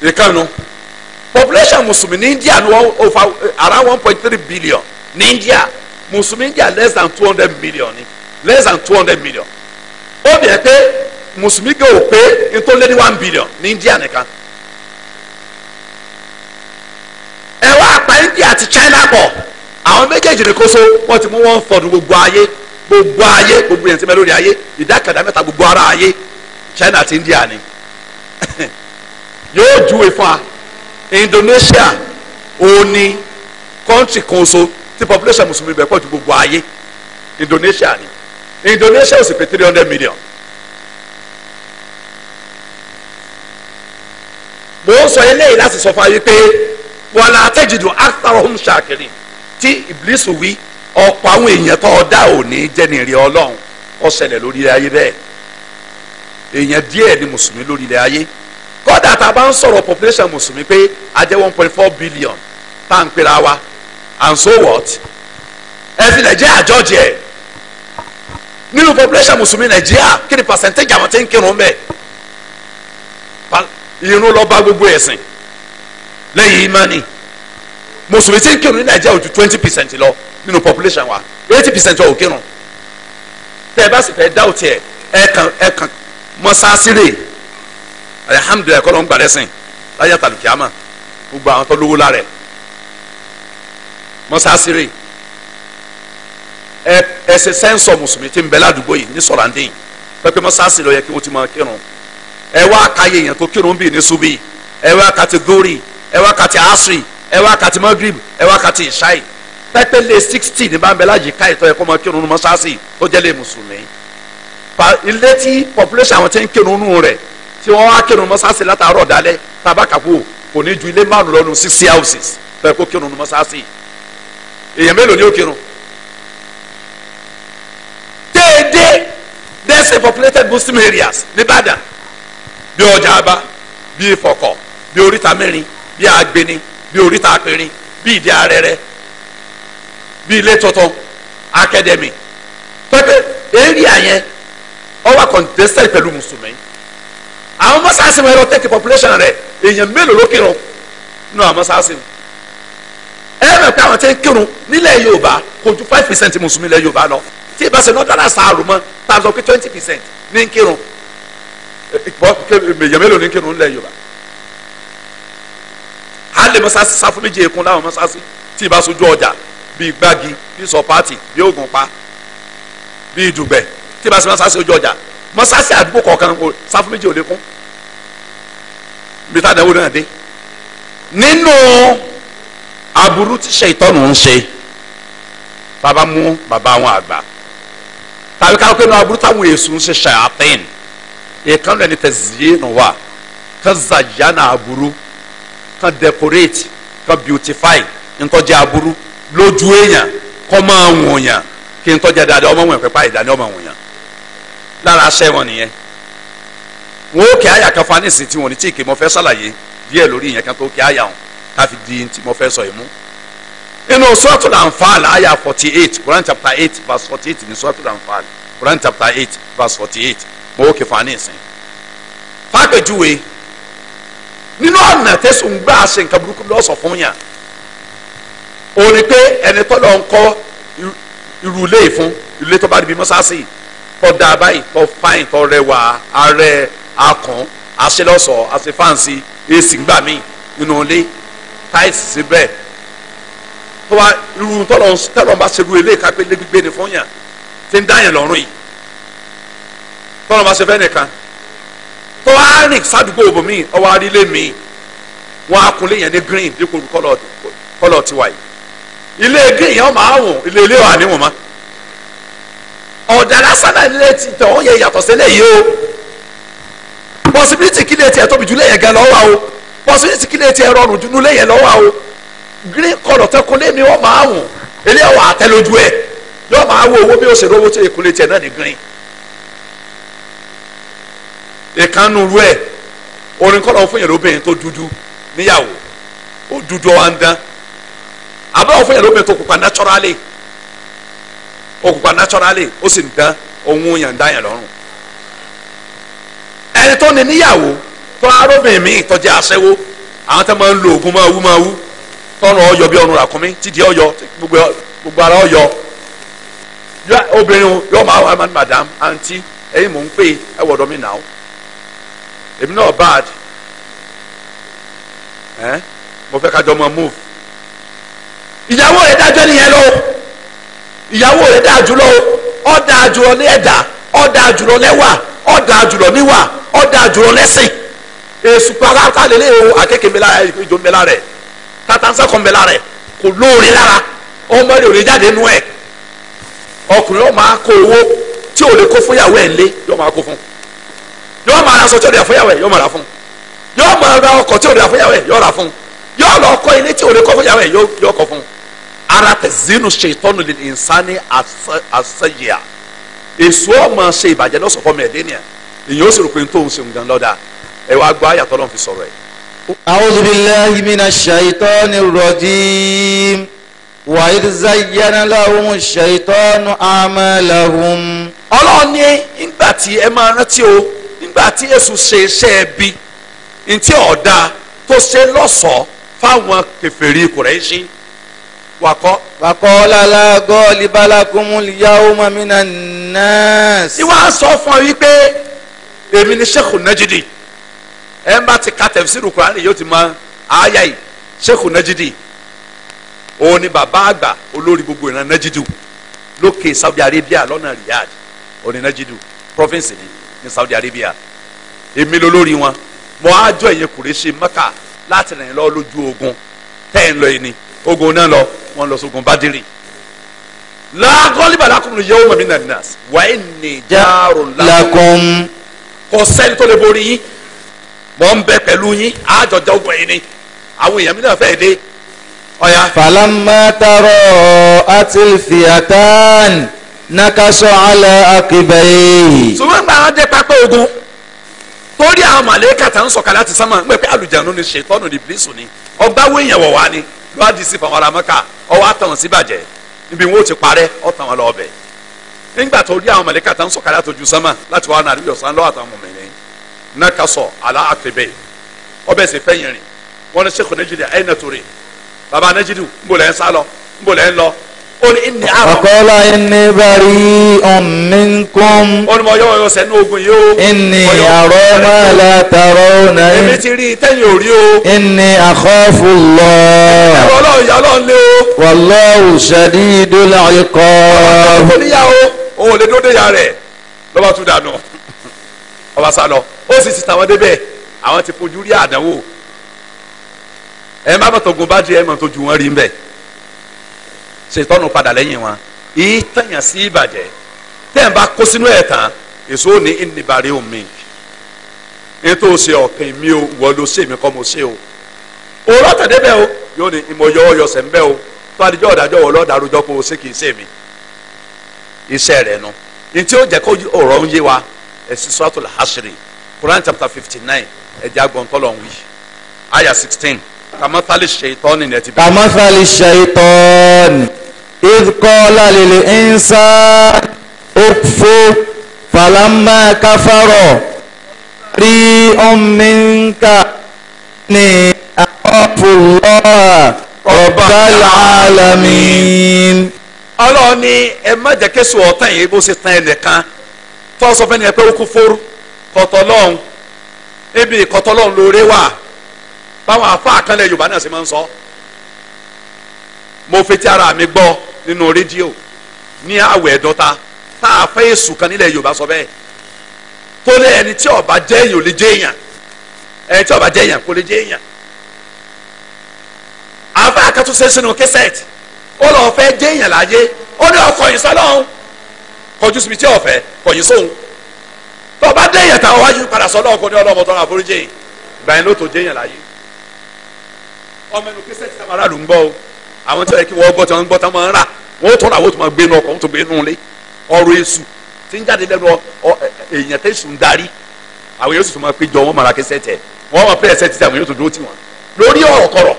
ìkan nu population musomi ní india ni wọn over around one point three billion ní india musomi india less than two hundred million ni less than two hundred million ó bìí pé musomi gé òpé ntọ́lẹ́ni one billion ní india nìkan. India àti China pọ̀ àwọn méjèèjì ní kóso wọ́n ti mú wọn fọdún gbogbo ayé gbogbo ayé gbogbo yẹn ti mẹ́ lórí ayé ìdákàdá mẹ́ta gbogbo ara ayé China àti India ni yóò júwe fún Indonesia ó ní kọ́ńtì kan so tí population mùsùlùmí bẹ̀ pọ̀ ju gbogbo ayé Indonesia ni Indonesia ó sì pé three hundred million. mo ń sọ eléyìí láti sọ fún wa wípé wàlá àtẹ̀jìdù aktharuhum shakirin tí ìbílísù wí ọ̀pọ̀ àwọn èèyàn tó ọ̀dá òní jẹ́ni rí ọlọ́run ó ṣẹlẹ̀ lórí ayé bẹ́ẹ̀ èèyàn díẹ̀ ni mùsùlùmí lórí ilẹ̀ ayé kódà tá a bá ń sọ̀rọ̀ population mùsùlùmí pé a jẹ́ one point four billion tá à ń pera wa and so what ẹ fi lẹ̀ jẹ́ àjọjì ẹ̀ nínú population mùsùlùmí nàìjíríà kí ni percentage àwọn tí ń kírun bẹ́ẹ̀ irun lọ́ọ́ bá gbogbo ẹ̀sìn lẹ́yìn imani mùsùlùmí tí ń kírun ní nàìjíríà ojú twenty percent lọ nínú population wa eighty percent ọ̀ kírun tẹ́ ẹ bá sì fẹ́ dá òtí ẹ ẹ kàn ẹ kàn mọ́sáàsìrè alihamudulilayi kọ́ ló ń gbàdẹ́ sìn láyé àtàlùkìyàmà gbogbo àwọn tó lówó lára ẹ mọ́sáàsìrè ẹ ẹ ṣe sẹ́ńsọ̀ mùsùlùmí tí ń bẹ ládùúgbò yìí ní sọ̀ràǹdì yìí pẹ́pẹ́ mọ́sáàsìrè yẹ kí wọ́n ti máa kírun ẹ wá káyé èèyàn tó kírun bíi ní subi ẹ wá kàtí ẹ wákàtí asri ẹ wákàtí magrib ẹ wákàtí ishai pẹpẹlẹ sixty ní bámbẹ láyé ká ìtọ́ ẹ̀kọ́ máa kírun mọ́ṣáláṣí tó jẹ́ lé mùsùlùmí ilé tí population àwọn tí ń kírun nù rẹ̀ tí wọ́n wá kírun mọ́ṣáláṣí látàárọ̀ dalẹ́ tabakapo kò ní ju ilé márùn lọ́nu sixty houses tó ẹ̀kọ́ kírun mọ́ṣáláṣí èèyàn mélòó ni ó kírun déédéé densely populated muslim areas ní Ìbàdàn bí ọjà àbá bí ìfọ̀kọ̀ bí oríta mẹ́rin bí agbeni bí oríta apẹrin bí ìdí arẹrẹ bí ilé tuntun akademi pẹpẹ area yẹn ó wà contested pẹ̀lú mùsùlùmí àwọn mọ́sáàsì wọn ẹ̀rọ tẹ́kì population rẹ̀ èèyàn mélòó ló kírun nínú àwọn mọ́sáàsì ẹ mọ̀ pé àwọn tẹ́ ń kírun nílẹ̀ Yorùbá kò ju five percent mùsùlùmí ilẹ̀ Yorùbá lọ tí ìbá ṣe náà dára sàárù mọ́ tàbí twenty percent ní kírun èèyàn mélòó ní kírun nílẹ̀ Yorùbá baálé mọ́sáàsì sáfù méjì èkún láwọn mọ́sáàsì tí ìbá sojú ọjà bíi gbági bíi sọpáàtì bíi ògùn pa bíi dùgbẹ̀ tí ìbá sojú mọ́sáàsì ojú ọjà mọ́sáàsì àdúgbò kọ̀ọ̀kan sáfù méjì ò lè kún bí tá a dẹ̀wò náà dé nínú aburú tí ṣètọ́nù ń ṣe bàbá mú bàbá wọn àgbà tàbí ká pé nínú aburú táwọn èso ń ṣe ṣàyàtìn ìkànnì ẹni tẹ̀síyé nù wá tẹ̀síyá náà aburú kan decorate kan beautify ntọ́jà aburú lójú èèyàn kọ́ máa wọ̀n yàn kí ntọ́jà dáadáa ọmọ wọn pẹ́pẹ́ àìdáni ọmọ wọn yàn lára aṣẹ́ wọn nìyẹn wọn ó kẹ́ àyà kan fa nísìnyí tí wọn ní tí ìkè mọ́ fẹ́ sàlàyé díẹ̀ lórí ìyẹn kan tó kẹ́ àyà wọn káfi di tí mo fẹ́ sọ yìí mú inú suratul anfal àyà forty eight Quran chapter eight verse forty eight ní suratul anfal Quran chapter eight verse forty eight mo ó kẹ́ fa nísìnyí fàápẹ̀júwe nínú ọ̀nà tẹ̀sùn ń gbà ṣe nǹkan burúkú lọ́sọ̀ fún yàn ó ní pé ẹni tọ́lọ̀ ń kọ́ irú ilé ìfún ilé tó bá di bí mọ́sáàsì tó da báyìí tó fáìn tó rẹwà arẹ akàn aṣẹlọsọ aṣẹfáǹsì èsì gbà míì nínú ilé táìsì síbẹ̀ tó bá irú tọ́lọ̀ tọ́lọ̀ bá ṣerú ilé kápẹ́ fún yàn ti ń dáyàn lọ́rùn yìí tọ́lọ̀ bá ṣe fẹ́ nìkan tó wá rìn sádùúgbò òbòmíì ọwọ́ arílé míì wọ́n á kun léyìn ní green dípò kọ́lọ̀ tiwa yìí ilé green yẹn máa wọ̀n ilé ilé wà níwọ̀n ma ọ̀dà lásán náà ilé ti tọ̀ ọ́ yẹ yàtọ̀ sílẹ̀ yìí o possibility kí lè tiẹ̀ tóbi jù lẹ́yìn gan lọ́wọ́ o possibility kí lè tiẹ̀ rọrùn jù lẹ́yìn lọ́wọ́ o green kọ́lọ̀ tẹ́kun lé mi wọ́n máa wọ̀n ilé ọ̀wọ̀ àtẹ́lójú ẹ̀ yọ máa wọ owó bí ó ṣe rówó tó ìkúlé tiẹ̀ náà ní green ìkànnù rú ẹ̀ orin kọ́ lọ́wọ́ fún yẹn lóbìnrin tó dúdú níyàwó ó dúdú ọ̀ ń dán àbáwọ̀ fún yẹn lóbìnrin tó pupa naturally ó pupa ó sì ń dán yàn ẹni tó ní níyàwó tó arábìnrin mi ìtọ́jú aṣẹ́wó àwọn tó máa ń lo oògùn máa wú máa wú tọ́nù ọyọ bí ọrùn tìdí ọyọ gbogbo ara ọyọ obìnrin yóò máa wà mò ń pè mi nà ó èmi náà bad ẹ mo fẹ́ kájọ mọ move ìyàwó rẹ̀ dájọ́ nìyẹn lọ ìyàwó rẹ̀ dáa jùlọ ó dáa jùlọ ní ẹ̀dá ó dáa jùlọ lẹ́wà ó dáa jùlọ níwà ó dáa jùlọ lẹ́sìn èsù pàápàá lélẹ̀ o akéèké mi lára ìjọ mi lára rẹ̀ tatansẹ́kọ̀ mi lára rẹ̀ kò lóore lára ọmọ rẹ̀ ò lè jáde nú ẹ̀ ọkùnrin ọ̀ máa kó owó tí ò lè kó fún ìyàwó ẹ̀ lé yọ̀ máa kó fún un yóò máa ra aṣọ tí ò dẹ̀ fún yàwó yóò máa ra fún yóò máa ra ọkọ̀ tí ò dẹ̀ fún yàwó yóò ra fún yóò lọ kọ́ ilé tí ò lè kọ́ fún yàwó yóò kọ́ fún. ara tẹ zinu ṣètọ́nu lè ní nsání àṣẹyìá èso ọmọ ṣe ìbàjẹ́ lọ́sọ̀kọ́ mẹ́ẹ̀dẹ́nìyà èyí ó sì rò pé n tó ń ṣeun gan lọ́dà ẹ wá gbọ́ àyàtọ̀ lọ́n fi sọ̀rọ̀ ẹ̀. أعوذ بالله من الشيطان الرجيم وإذ زين لهم الشيطان أعمالهم. ọlọ́run ní ìgbà tí ẹ máa rántí o nígbà tí Èṣù ṣe iṣẹ́ ẹbí ntí ọ̀dà tó ṣe lọ́sọ̀ọ́ fáwọn kèfèrí Kùrẹ́ṣì wakọ. wakọ lala gọọli balakumu liyawo mamina nẹẹsi. iwa sọ fún ọ wípé èmi ni Sheikh Najidi ẹ bá ti ka tẹfisiru Kùránì yóò ti mọ àyà yìí Sheikh Najidi òun ni bàbá àgbà olórí gbogbo ìran Najidu lókè Saudi Arabia lọ́nà Riyadh òun ni Najidu province ni ní Saudi Arabia èmi ló lórí wọn mọ àjọ ẹ̀yìn kùrẹ́ṣẹ́ mẹ́kà láti rìn lọ lójú ogun tẹ́ lọ yìí ni ogun náà lọ wọn lọ sógun Badiri lágọ́líbà lákùnrin yẹ́wò mọ̀mí nàdínàs wàá ní járò lákùn kò sẹ́ni tó lè borí yín mọ̀ ń bẹ pẹ̀lú yín àjọjọ́ ogun yìí àwọn èèyàn mi náà fẹ́ dé ọ̀ya. falamma taro atil fiatan nakaso ala akibaye. sùgbọ́n gba àwọn jẹ́ pápá ogun torí àwọn màlẹ́kà tá ń sọ̀kalẹ̀ láti sánmà ń pẹ́ pé àlùjánu ni ṣètọ́nù ni bílísù ni ọgbà wo èèyàn wọ̀ wá ni lọ́wọ́ di sí fàwọn aramọ́ka ọwọ́ àtàwọn síbàjẹ́ ibi wọn ò ti parẹ́ ọ̀tàn wọn lọ ọbẹ̀ nígbà tó rí àwọn màlẹ́kà tá ń sọ̀kalẹ̀ láti ojú sánmà láti wà nàrí ọ̀sán lọ́wọ́ àtàwọn mọ̀mẹ́rin nakaso ala akibaye ọbẹ̀ sì fẹ́yìn rìn wọn ní sẹ́kọ̀ọ́ ó ní ìní àrọ. ọ̀kọ́lá ìní bari ọ̀mìnkún. ó ní mo yọ ọyọ sẹ́nu ogun yìí o. ìní àrọ máa la tààrọ ọ̀nà yìí. ti rí tẹ́yìn òrí o. ìní àkọ́fù lọ. ẹ̀rọ ọlọ́run ìyá ọlọ́run lé o. wallahu shadidul iqab. ọ̀rọ̀ tó níyà o òun ò lè dúró déyà rẹ̀ ló tún dànù ọba sá lọ ó sì ti tàwọn débẹ̀ àwọn ti fojú rí àdánwò ẹ má bàtọ̀ gun bá di ẹ mọ̀ tó ju wọn rí mbẹ́ ṣètọ́nù padà lẹ́yìn I tanya sí ìbàjẹ́ tẹ̀ ń bá kó sínú ẹ̀ tán èso ní ìnìbàrí omi ètò òsè ọ̀kìn mi ò wọ́n ló mi kọ́ mo ṣe o òwúrọ̀ tẹ̀dé bẹ́ẹ̀ o yóò ní ìmọ̀ yọwọ́ yọsẹ̀ ń bẹ́ẹ̀ o tó adijọ́ ọ̀dájọ́ wọ lọ́ọ̀dàrúdọ́ kó o ṣe kì í ṣe mi iṣẹ́ rẹ̀ nu ntí ó jẹ́ kó ọ̀rọ̀ ń yé wa ẹ̀sìn suratul hasri Quran chapter fifty nine ẹ̀jẹ̀ agbọ̀ntọ́lọ̀ ń wí ayah sixteen kàmásálì ṣèyítọ́ọ̀nì ni ẹ ti bẹ̀rẹ̀. kàmásálì ṣèyítọ́ọ̀nì ìkọ́lá lèlè ẹ̀ńsá òfò fàlámà káfárọ̀ rí ọ̀mìnkà ní àkọ́fùlọ́ ọ̀bàlá alamin. ọlọ́run ni ẹ má jẹ́ kéṣù ọ̀tàn yìí bó ṣe tán ẹnìkan tó sọ fẹ́ni ẹ pé ó kú fóró kọ̀tọ̀ lọ́hùn níbi ìkọ̀tọ̀ lọ́hùn lóore wà báwọn afa àkànlẹ̀ yorùbá náà ṣe máa ń sọ mo fetí ara mi gbọ́ nínú rédíò ní àwẹ̀ ẹ̀dọ́ta tá a fẹ́ èsù kan nílẹ̀ yorùbá sọ bẹ́ẹ̀ tó lé ẹni tí ọba jẹ́ èèyàn ò lè jẹ́ èèyàn ẹni tí ọba jẹ́ èèyàn kò lè jẹ́ èèyàn afa àkàtúnṣe sínú kẹsẹ̀tì ó lọ fẹ́ jẹ́ èèyàn láyé ó ní ọkọ̀ yìí kọjú síbi tí ọ̀fẹ́ kọ̀yìn sóhun tó dé èèyàn táwọn wájú padà sọ́lọ́hún kò ní ọlọ́mọ tó ń àforíjì ìgbà yẹn ló tó jẹ́ èèyàn láyé ọmọ ẹnu kí sẹ́ẹ̀tì táwọn aráàlú ń gbọ́ o àwọn tí wọ́n yẹ kí wọ́n gbọ́ tí wọ́n ń gbọ́ tí wọ́n ń rà wọ́n tó ra wọ́n tó máa gbé inú ọkọ̀ wọ́n tó gbé inú ilé ọ̀rọ̀ èṣù tí ń jáde lẹ́nu èèyàn tẹ́ sùn darí àwọn yóò sì tún máa péjọ wọ́n máa ra kí sẹ́ẹ̀tì wọ́n máa pẹ́ sẹ́ẹ̀tì tí àwọn yóò tó dúró tì wọ́n lórí ọ̀rọ̀ kọ̀rọ̀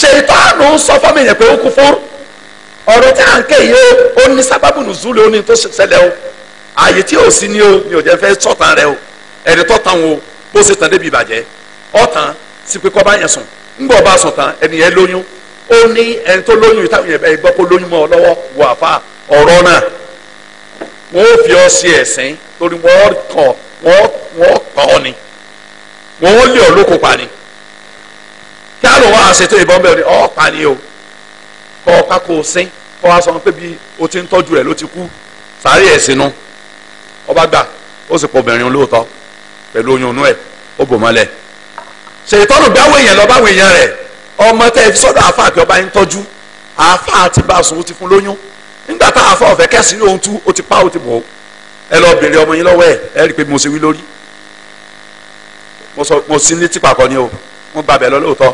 ṣètọ́nù sọ fọ́mì yẹn pé ó sí pé kọ́ bá yẹn sùn ńgbọ́ bá sùn tán ẹni yẹn lóyún ó ní ẹni tó lóyún yìí táwọn yẹn bẹ́ẹ̀ gbọ́ kó lóyún mọ́ ọ lọ́wọ́ wọ àfa ọ̀rọ̀ náà wọ́n ó fi ọ sí ẹ̀sìn torí wọ́n kàn wọ́n wọ́n kàn ọ́ ni wọ́n ó lé ọ lóko pa ni kí á lọ wá àṣetò ìbọn bẹ́ẹ̀ ni ọ́ pa o kọ́ ọ ká kó wa sọ pé bí o ti ń tọ́jú rẹ̀ ló ti kú sáré ẹ̀sìn nu ọba gbà ó sì pọ̀ obìnrin lóòótọ́ pẹ̀lú oyún inú ẹ̀ ó bò mọ́lẹ̀ ṣètọ́nù bí àwọn èèyàn lọ báwọn èèyàn rẹ̀ ọmọ tẹ sọ́dọ̀ àáfàá kí ọba yín tọ́jú àáfàá ti bá a sùn ó ti fún lóyún nígbà tá àáfàá ọ̀fẹ́ kẹ́sì ní ohun tú ó ti pa ó ti bọ̀ ẹ lọ bèrè ọmọ yín lọ́wọ́ ẹ ẹ rí i pé mo ṣe wí lórí mo sì ní tìpà kan ní o mo gba bẹ̀ lọ lóòótọ́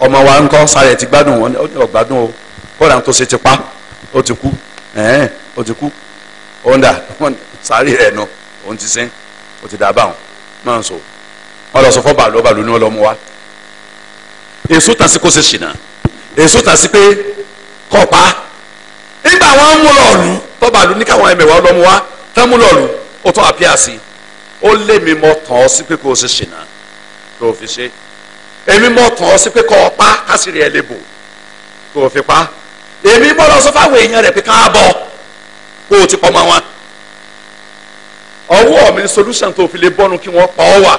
ọmọ wa ń kọ́ sáré ti gbádùn wọn ó ní ọ̀gbádùn o kódà tó ṣe ti pa ó ti kú ẹ̀ẹ́n ó ti kú ó ń dà sáré rẹ̀ nù òun ti sẹ́ń ó ti dà báwọn máa ń sọ̀rọ̀ ọlọsọfọ bàlú bàlú ni ọlọmọ wa èso tà sí kó ṣe ṣìnà èso tà sí pé kọpa nígbà wọn mú lọọlù tọbàlú ní káwọn ẹmẹwàá ọlọmọ wa tán mú lọọlù ó tọ́ àpíà sí ó lé mi mọ tàn ọ́ sí pé kó ṣe ṣìnà tó fi ṣe èmi mọ tàn ọ́ sí pé kọ́ ọ pa kásìrì ẹ̀ lè bò tó fi pa èmi bọ́ lọ sọ fáwọn èèyàn rẹ̀ pé ká bọ̀ kó o ti pọ̀ mọ́ wa. ọwọ́ mi solution tó fi lè bọ́nu kí wọ́n pọ̀ wà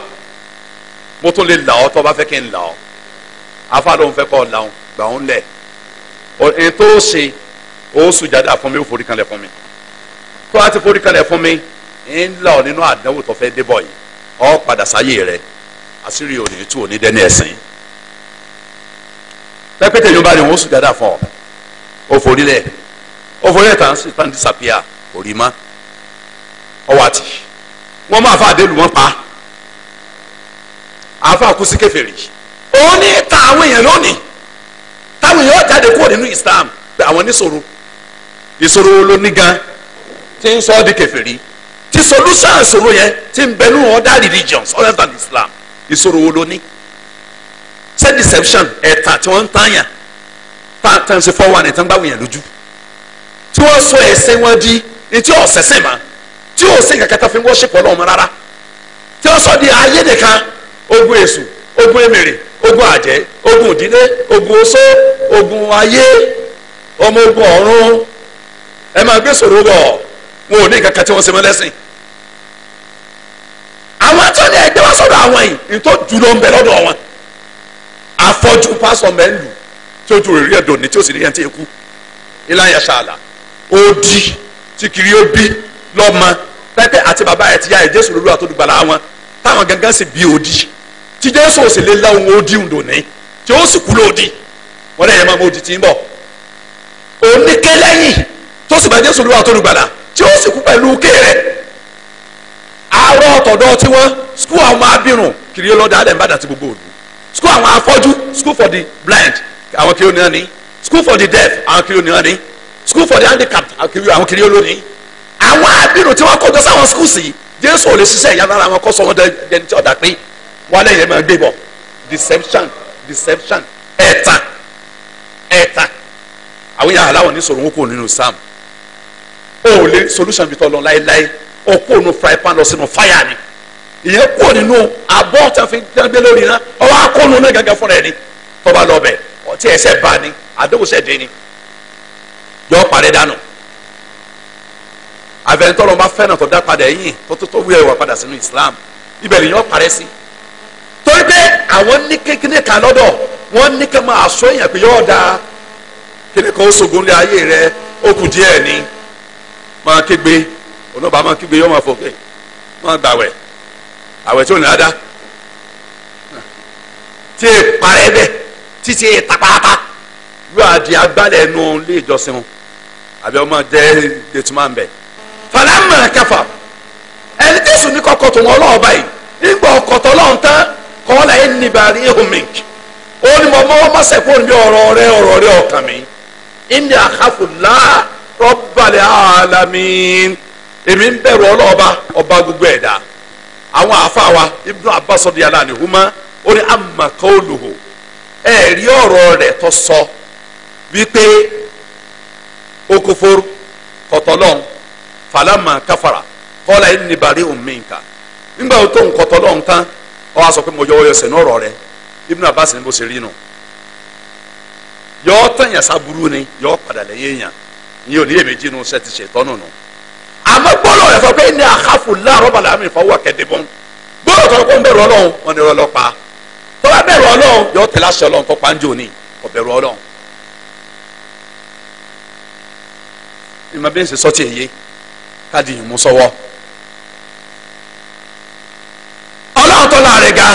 mo tún lè là ọ́ tó bá fẹ́ kí n là ọ́ afa ló ń fẹ́ kọ́ là ọ́ gbà ń lẹ̀ èyí tó ṣe ó sùjádà fún mi ó forí kanlẹ̀ fún mi tó a ti forí kanlẹ̀ fún mi ń là ọ́ nínú àdánwò tó fẹ́ débọ̀ yìí ọ́ padà sáyé rẹ̀ àṣírí òní tú òní dẹ́ni ẹ̀sìn pẹ́pẹ́tẹ̀ yóò bá rí wọn sùjádà fún ọ ó forí lẹ̀ ó forí lẹ̀ tán sí tán disappear kò rí ma ọ wà tì wọ́n máa fa àdéhùn wọn pa Afa kú sí kèfèrí òun ní ta àwọn èèyàn lónìí táwọn èèyàn jáde kúrò nínú Islam pé àwọn níṣòro ìṣòro ló ní gan tí ń sọ ọ́ di kèfèrí tí solution ìṣòro yẹn ti ń bẹ nínú religions other than Islam isoro wo ló ní ṣé deception ẹ̀ta tí wọ́n ń tààyàn tá tá ń ṣe fọ́ wa ní tán gbáwò yẹn lójú tí wọ́n sọ ẹ̀sìn wọn di etí ọ̀sẹ̀sìn ma tí ò sí nǹkan kẹta fi ń worship Ọlọ́run rárá tí wọ́n sọ di ayé nìkan ogun èṣù ogun èmèrè ogun àjẹ́ ogun ìdílé ogun oṣó ogun ayé ọmọ ogun ọ̀run ẹ máa gbé sòrò bọ̀ wọn ò ní kankan tí wọ́n ṣe mọ́ lẹ́sìn àwọn tó ní ẹgbẹ́ wá sọ̀dọ̀ àwọn yìí nítò jùlọ ń bẹ lọ́dọ̀ wọn afọ́jú pásọ̀ mẹ́ lù tí ó ju rèé rí ẹ̀dọ̀ ní tí ó sì rí ẹ̀ńtí ikú ìlànà ṣàlà ó di tí kiri ó bí lọ́mọ pẹ́pẹ́ àti bàbá ẹ̀ ti yá ẹ̀ jésù lólu àtọ́dúgbalà wọn táwọn gangan sì bí odi tí jésù ò sì lè la òun odi òun dòní tí ó sì kú lòdì wọn lẹ́yìn máa mọ odi tí ń bọ̀ oníkẹlẹ́yìn tó sì bá jésù lówà tó lùgbàlà tí ó sì kú pẹ̀lú kéèrè àárọ̀ ọ̀tọ̀dọ̀ tí wọ́n skul àwọn abirùn kiri ọlọ́dà alẹ́ nbàdàn ti gbogbo òdu skul àwọn afọ́jú skul for the blind àwọn kiri oníyan ni skul for the deaf àwọn kiri oníyan ni skul for the handicapped àwọn kiri olóni àwọn abirùn tí wọ́n kọjọ sáwọn skul sí jésù ò lè ṣiṣẹ́ ìyá lára wọn kó sọ wọn dẹni tí ọ̀dà pé wọn alẹ́ yẹn máa gbé bọ̀ deception deception ẹ̀ta ẹ̀ta àwọn yàrá aláwọ̀ ní sọ̀rọ̀ wọn kò nínú sam o ò lè solution bi tọ́ lọ láéláé o kò nínú fry pan lọ sínú fire ni ìyẹn kò nínú abọ́ tí a fi gbé lórí iná ọwọ́ akọ́nu náà gẹ́gẹ́ fúnra ẹni tọ́ba lọ bẹ̀ ọtí ẹsẹ̀ bá ni àdéhùn ṣẹ̀ dé ni yọ parẹ́ dànù abẹnitọlọ bá fẹ́ràn tó dá padà ẹ̀yìn tó tó tó wúyẹ wà padà sínú Islam ibẹ̀ nìyẹn parẹ́ sí torí pé àwọn ní kékeré kan lọ́dọ̀ wọ́n ní ká máa sọ èèyàn pé yọọ da kíni kan ó sogun lé ayé rẹ̀ ó kù díẹ̀ ni máa kégbe onábàá máa kégbe yọọ máa fọkẹ máa gbàwẹ̀ àwẹ̀ tí ò ní adá tí ì parẹ́ bẹ títí ì tapata yóò adi agbálẹ̀ nù ilé ìjọsìn àbí ọmọ jẹ ètùmọ̀ falamma kafa ẹni tí sùn ní kọkọ tó wọn ọlọ́ọ̀ba yìí nígbà ọkọ̀tọ̀ ọlọ́run tán kọ́lá yẹn ní bàrí ehomink ó ní mo mọ́ mọ́sẹ̀ kó níbi ọ̀rọ̀ rẹ ọ̀rọ̀ rẹ ọ̀kàn mi inni akhafu Allah rabbal alamin èmi ń bẹ̀rù ọlọ́ọ̀ba ọba gbogbo ẹ̀dá àwọn àáfàá wa ibnu abbas radiyallahu anhuma ó ní amma qawluhu ẹ̀rí ọ̀rọ̀ rẹ̀ tó sọ wípé okòfó kọ̀tọ̀lọ́hún falama káfara kọ́lá yìí ní bari omi nǹkan nígbà tó ń kọ́tọ́ lọ́n tán ọ wá sọ pé mo yọ ọyọ sẹ́nu ọ̀rọ̀ rẹ Ibn Abbas ni bó ṣe rí nu yọ tẹ̀yàn sábúrú ni yọ padà lẹ́yìn èèyàn ìyẹn ò ní èmi jí nu ṣe ti ṣe tọ́nù nu àmọ́ gbọ́dọ̀ rẹ̀ sọ pé ní àkàfù láàárọ̀ bàlá mi fọwọ́ kẹ́dẹ́bọ́n gbọ́dọ̀ tọ́ kó ń bẹ̀rù ọlọ́run wọn ni ọlọ́ pa tọ́lá bẹ̀rù ọlọ́run yọ tẹ̀lé aṣọ ọlọ́run tó pàǹjọ́ ni kò bẹ̀rù ọlọ́run ìmọ̀ bí ń ṣe sọ́tì èyí káàdì ìmú sọ́wọ́ ọlọ́run tó láàrin ga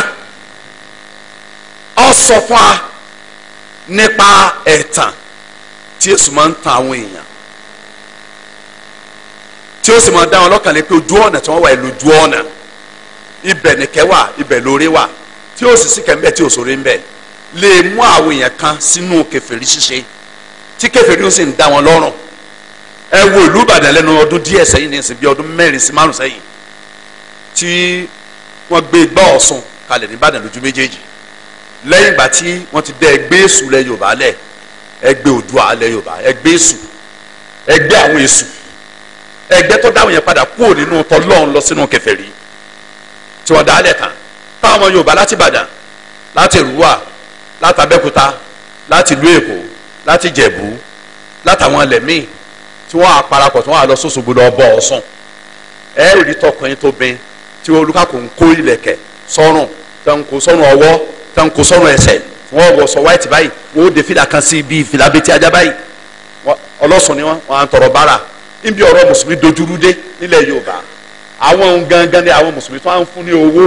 ọ sọ fún wa nípa ẹ̀tàn tí èsù máa ń tan àwọn èèyàn tí ó sì máa dá wọn lọ́kàn lé pé ojú ọ̀nà tí wọ́n wà ìlú ojú ọ̀nà ibẹ̀ nìkẹ́ wà ibẹ̀ lórí wà tí ó sì síkẹ̀ ńbẹ̀ tí ó sòrí ńbẹ̀ lè mú àwọn èèyàn kan sínú kèfèrí ṣíṣe tí kèfèrí ó sì ń dá wọn lọ́rùn ẹ wo ìlú ìbàdàn lẹ́nu ọdún díẹ̀ sẹ́yìn ní ìsìn bí ọdún mẹ́rin sí márùn sẹ́yìn tí wọ́n gbé igbá ọ̀sùn kalẹ̀ ní ìbàdàn lójú méjèèjì lẹ́yìn ìgbà tí wọ́n ti dẹ ẹgbẹ́ èṣù lẹ yorùbá lẹ ẹgbẹ́ òdua lẹ yorùbá ẹgbẹ́ èṣù ẹgbẹ́ àwọn èṣù ẹgbẹ́ tó dáwọn yẹn padà kúrò nínú tọlọ́run lọ sínú kèfèrí tí wọ́n dálẹ̀ tán táwọn yorùbá láti ìbàdàn láti rúwà látàbẹ́kúta láti ìlú èkó láti jẹ̀bú látàwọn ẹlẹ́mìí tí wọ́n á parapọ̀ tí wọ́n á lọ sọ́sọ́gbó lọ bọ̀ ọ̀sán ẹ rí tọkùnrin tó bẹ tí olùkàkọ́ ń kó ìlẹ̀kẹ̀ sọ́rùn tó ń ọwọ́ tó ń ẹsẹ̀ wọ́n wọ̀ sọ wáìtì báyìí wọ́n ó de fìlà kan sí ibi ìfìlà abẹ́tí ajá báyìí ọlọ́sùn ni wọ́n wọ́n á ń tọrọ bára níbi ọ̀rọ̀ mùsùlùmí dojúrú dé nílẹ̀ Yorùbá àwọn gangan ni àwọn mùsùlùmí tó ń fún ní owó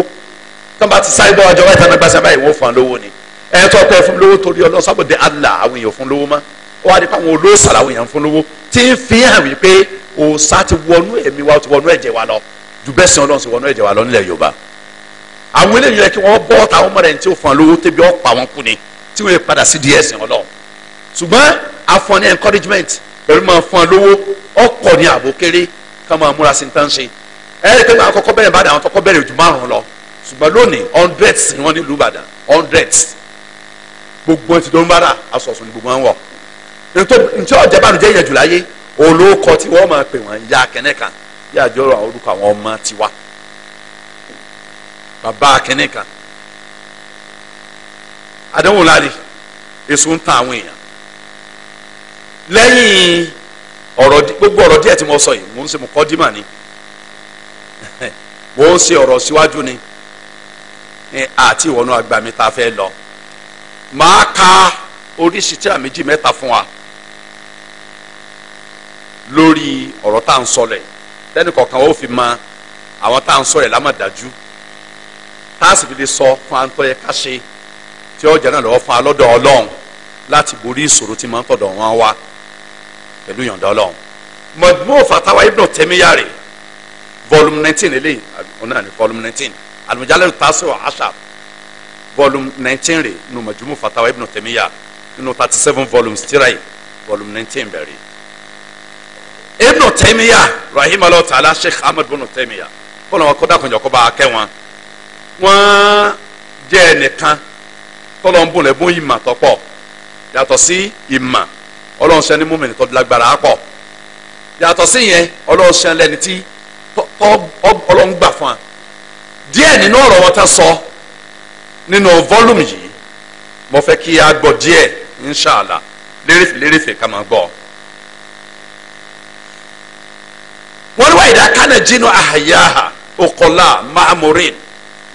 tó ń bá ti sáré bọ́ ọjọ́ wáìtì àmì gbàsẹ́ báyìí wọ́n fún lówó ni ẹ̀ tọ́ pẹ́ fún lówó torí ọlọ́sàbọ̀dé Allah àwọn èèyàn fún lówó mọ́ ó wá di pé àwọn olóòsà làwọn èèyàn fún lówó tí ń fi hàn wípé òòsà ti wọnú ẹ̀mí wa ti wọnú ẹ̀jẹ̀ wa lọ ju bẹ́ẹ̀ sìn ọlọ́run sì wọnú ẹ̀jẹ̀ wa lọ nílẹ̀ yorùbá àwọn eléyìí yẹ kí wọ́n bọ́ táwọn ọmọ rẹ̀ ní tí ò fún ọ lówó tẹ́bi ọ́ pa wọn kú ni tí wọ́n padà sí díẹ̀ sìn ọlọ́run ṣùgbọ́n afọ encouragement pẹ̀lú máa fún lówó ọkọ̀ ní àbò kéré ká máa múra sí tán ṣe ẹ̀ẹ́dẹ̀ ntí ọjà ìbànújẹ́ yẹn jù láyé olóòkọ tí wọ́n máa pè wọ́n ya kẹ́nẹ́ kan yíyá àjọ àwọn orúkọ àwọn ọmọ tiwa bàbá kẹ́nẹ́ kan àdéhùn láre èso ń tan àwọn èèyàn lẹ́yìn ọ̀rọ̀ gbogbo ọ̀rọ̀ díẹ̀ tí mo sọ yìí mò ń ṣe mo kọ́ dímà ni mò ń ṣe ọ̀rọ̀ síwájú ni àti ìwọ̀nù àgbà mi ta fẹ́ lọ màá ka oríṣi tí a méjì mẹ́ta fún wa lórí ọ̀rọ̀ tá à ń sọlẹ̀ lẹ́nu kọ̀ọ̀kan ó fi ma àwọn tá à ń sọlẹ̀ lámàdájú tá a sì fi lè sọ fún àǹtọ́ yẹ ká ṣe tí ọjà náà lọ́wọ́ fún alọ́dọ̀ ọlọ́run láti borí ìṣòro tí máa ń tọ̀dọ̀ wọn wá pẹ̀lú ìyọ̀ǹda ọlọ́run mọ̀gbọ́n fatawa ibnu tẹ́míyà rẹ̀ volume nineteen eléyìí ọ̀nà ni volume nineteen alimujalalu taasi wa asha volume nineteen rẹ̀ nù mọ̀júmù fatawa ibnu tẹ́míyà nínú thirty seven volumes tírà yìí volume nineteen bẹ̀rẹ̀ ibnu tẹ́míyà rahimahu ta'ala sheikh ahmed ibnu tẹ́míyà kọ́nà wọn kọ́dà kọ́njọ́ kọ́ba akẹ́ wọn wọ́n jẹ́ ẹnìkan tọ́lọ́ ń bùn lẹ́bùn ìmà tọ́pọ̀ yàtọ̀ sí ìmà ọlọ́run sẹ́ni múmìnì tó lágbára pọ̀ yàtọ̀ sí yẹn ọlọ́run sẹ́ni lẹ́ni tí ọlọ́run gbà fún wa díẹ̀ nínú ọ̀rọ̀ wọn tá sọ nínú fọ́lùmù yìí mo fẹ́ kí a gbọ́ díẹ̀ inṣàlá lérèfé lérèfé ká máa gbọ́ ọ. wọ́n ní wá ìdá kánà jinu àhàyáha ọ̀kọ̀lá mahamurin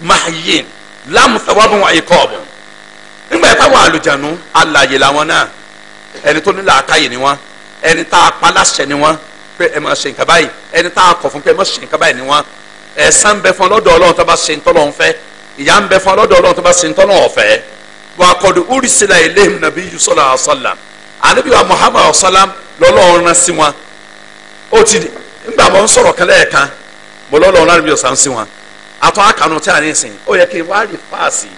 mahayin lámùsàwábùn àyíkọ́ọ̀bù nígbà yẹn fáwọn àlùjánu alàyè làwọn náà ẹni tó ní làákàyè ni wọ́n ẹni tá a pa láṣẹ ni wọ́n pé ẹ máa ṣe nǹkan báyìí ẹni tá a kọ̀ fún pé ẹ máa ṣe nǹkan báyìí ni wọ́n ẹ̀san bẹ fún ọlọ́dọ̀ ọlọ́run tó bá ṣe ń tọ́lọ́ ń fẹ́ ìyà ń bẹ fún ọlọ́dọ̀ ọlọ́run tó bá ṣe ń tọ́lọ́ ọ̀fẹ́ wà kọ́dù urisila iléhùn nàbí yusọ́lá ọ̀sálàm ànábìwá muhammad ọ̀sálàm lọ́lọ́run rán sí wọn ó ti nígbà wọn sọ̀rọ̀ kẹlẹ́ ẹ̀ kan bọ́lọ́ lọ́wọ́ láti bí ọ̀sán sí wọn àtọ́ àkànú tí a ní sìn ó yẹ kí wàá rí fáàsì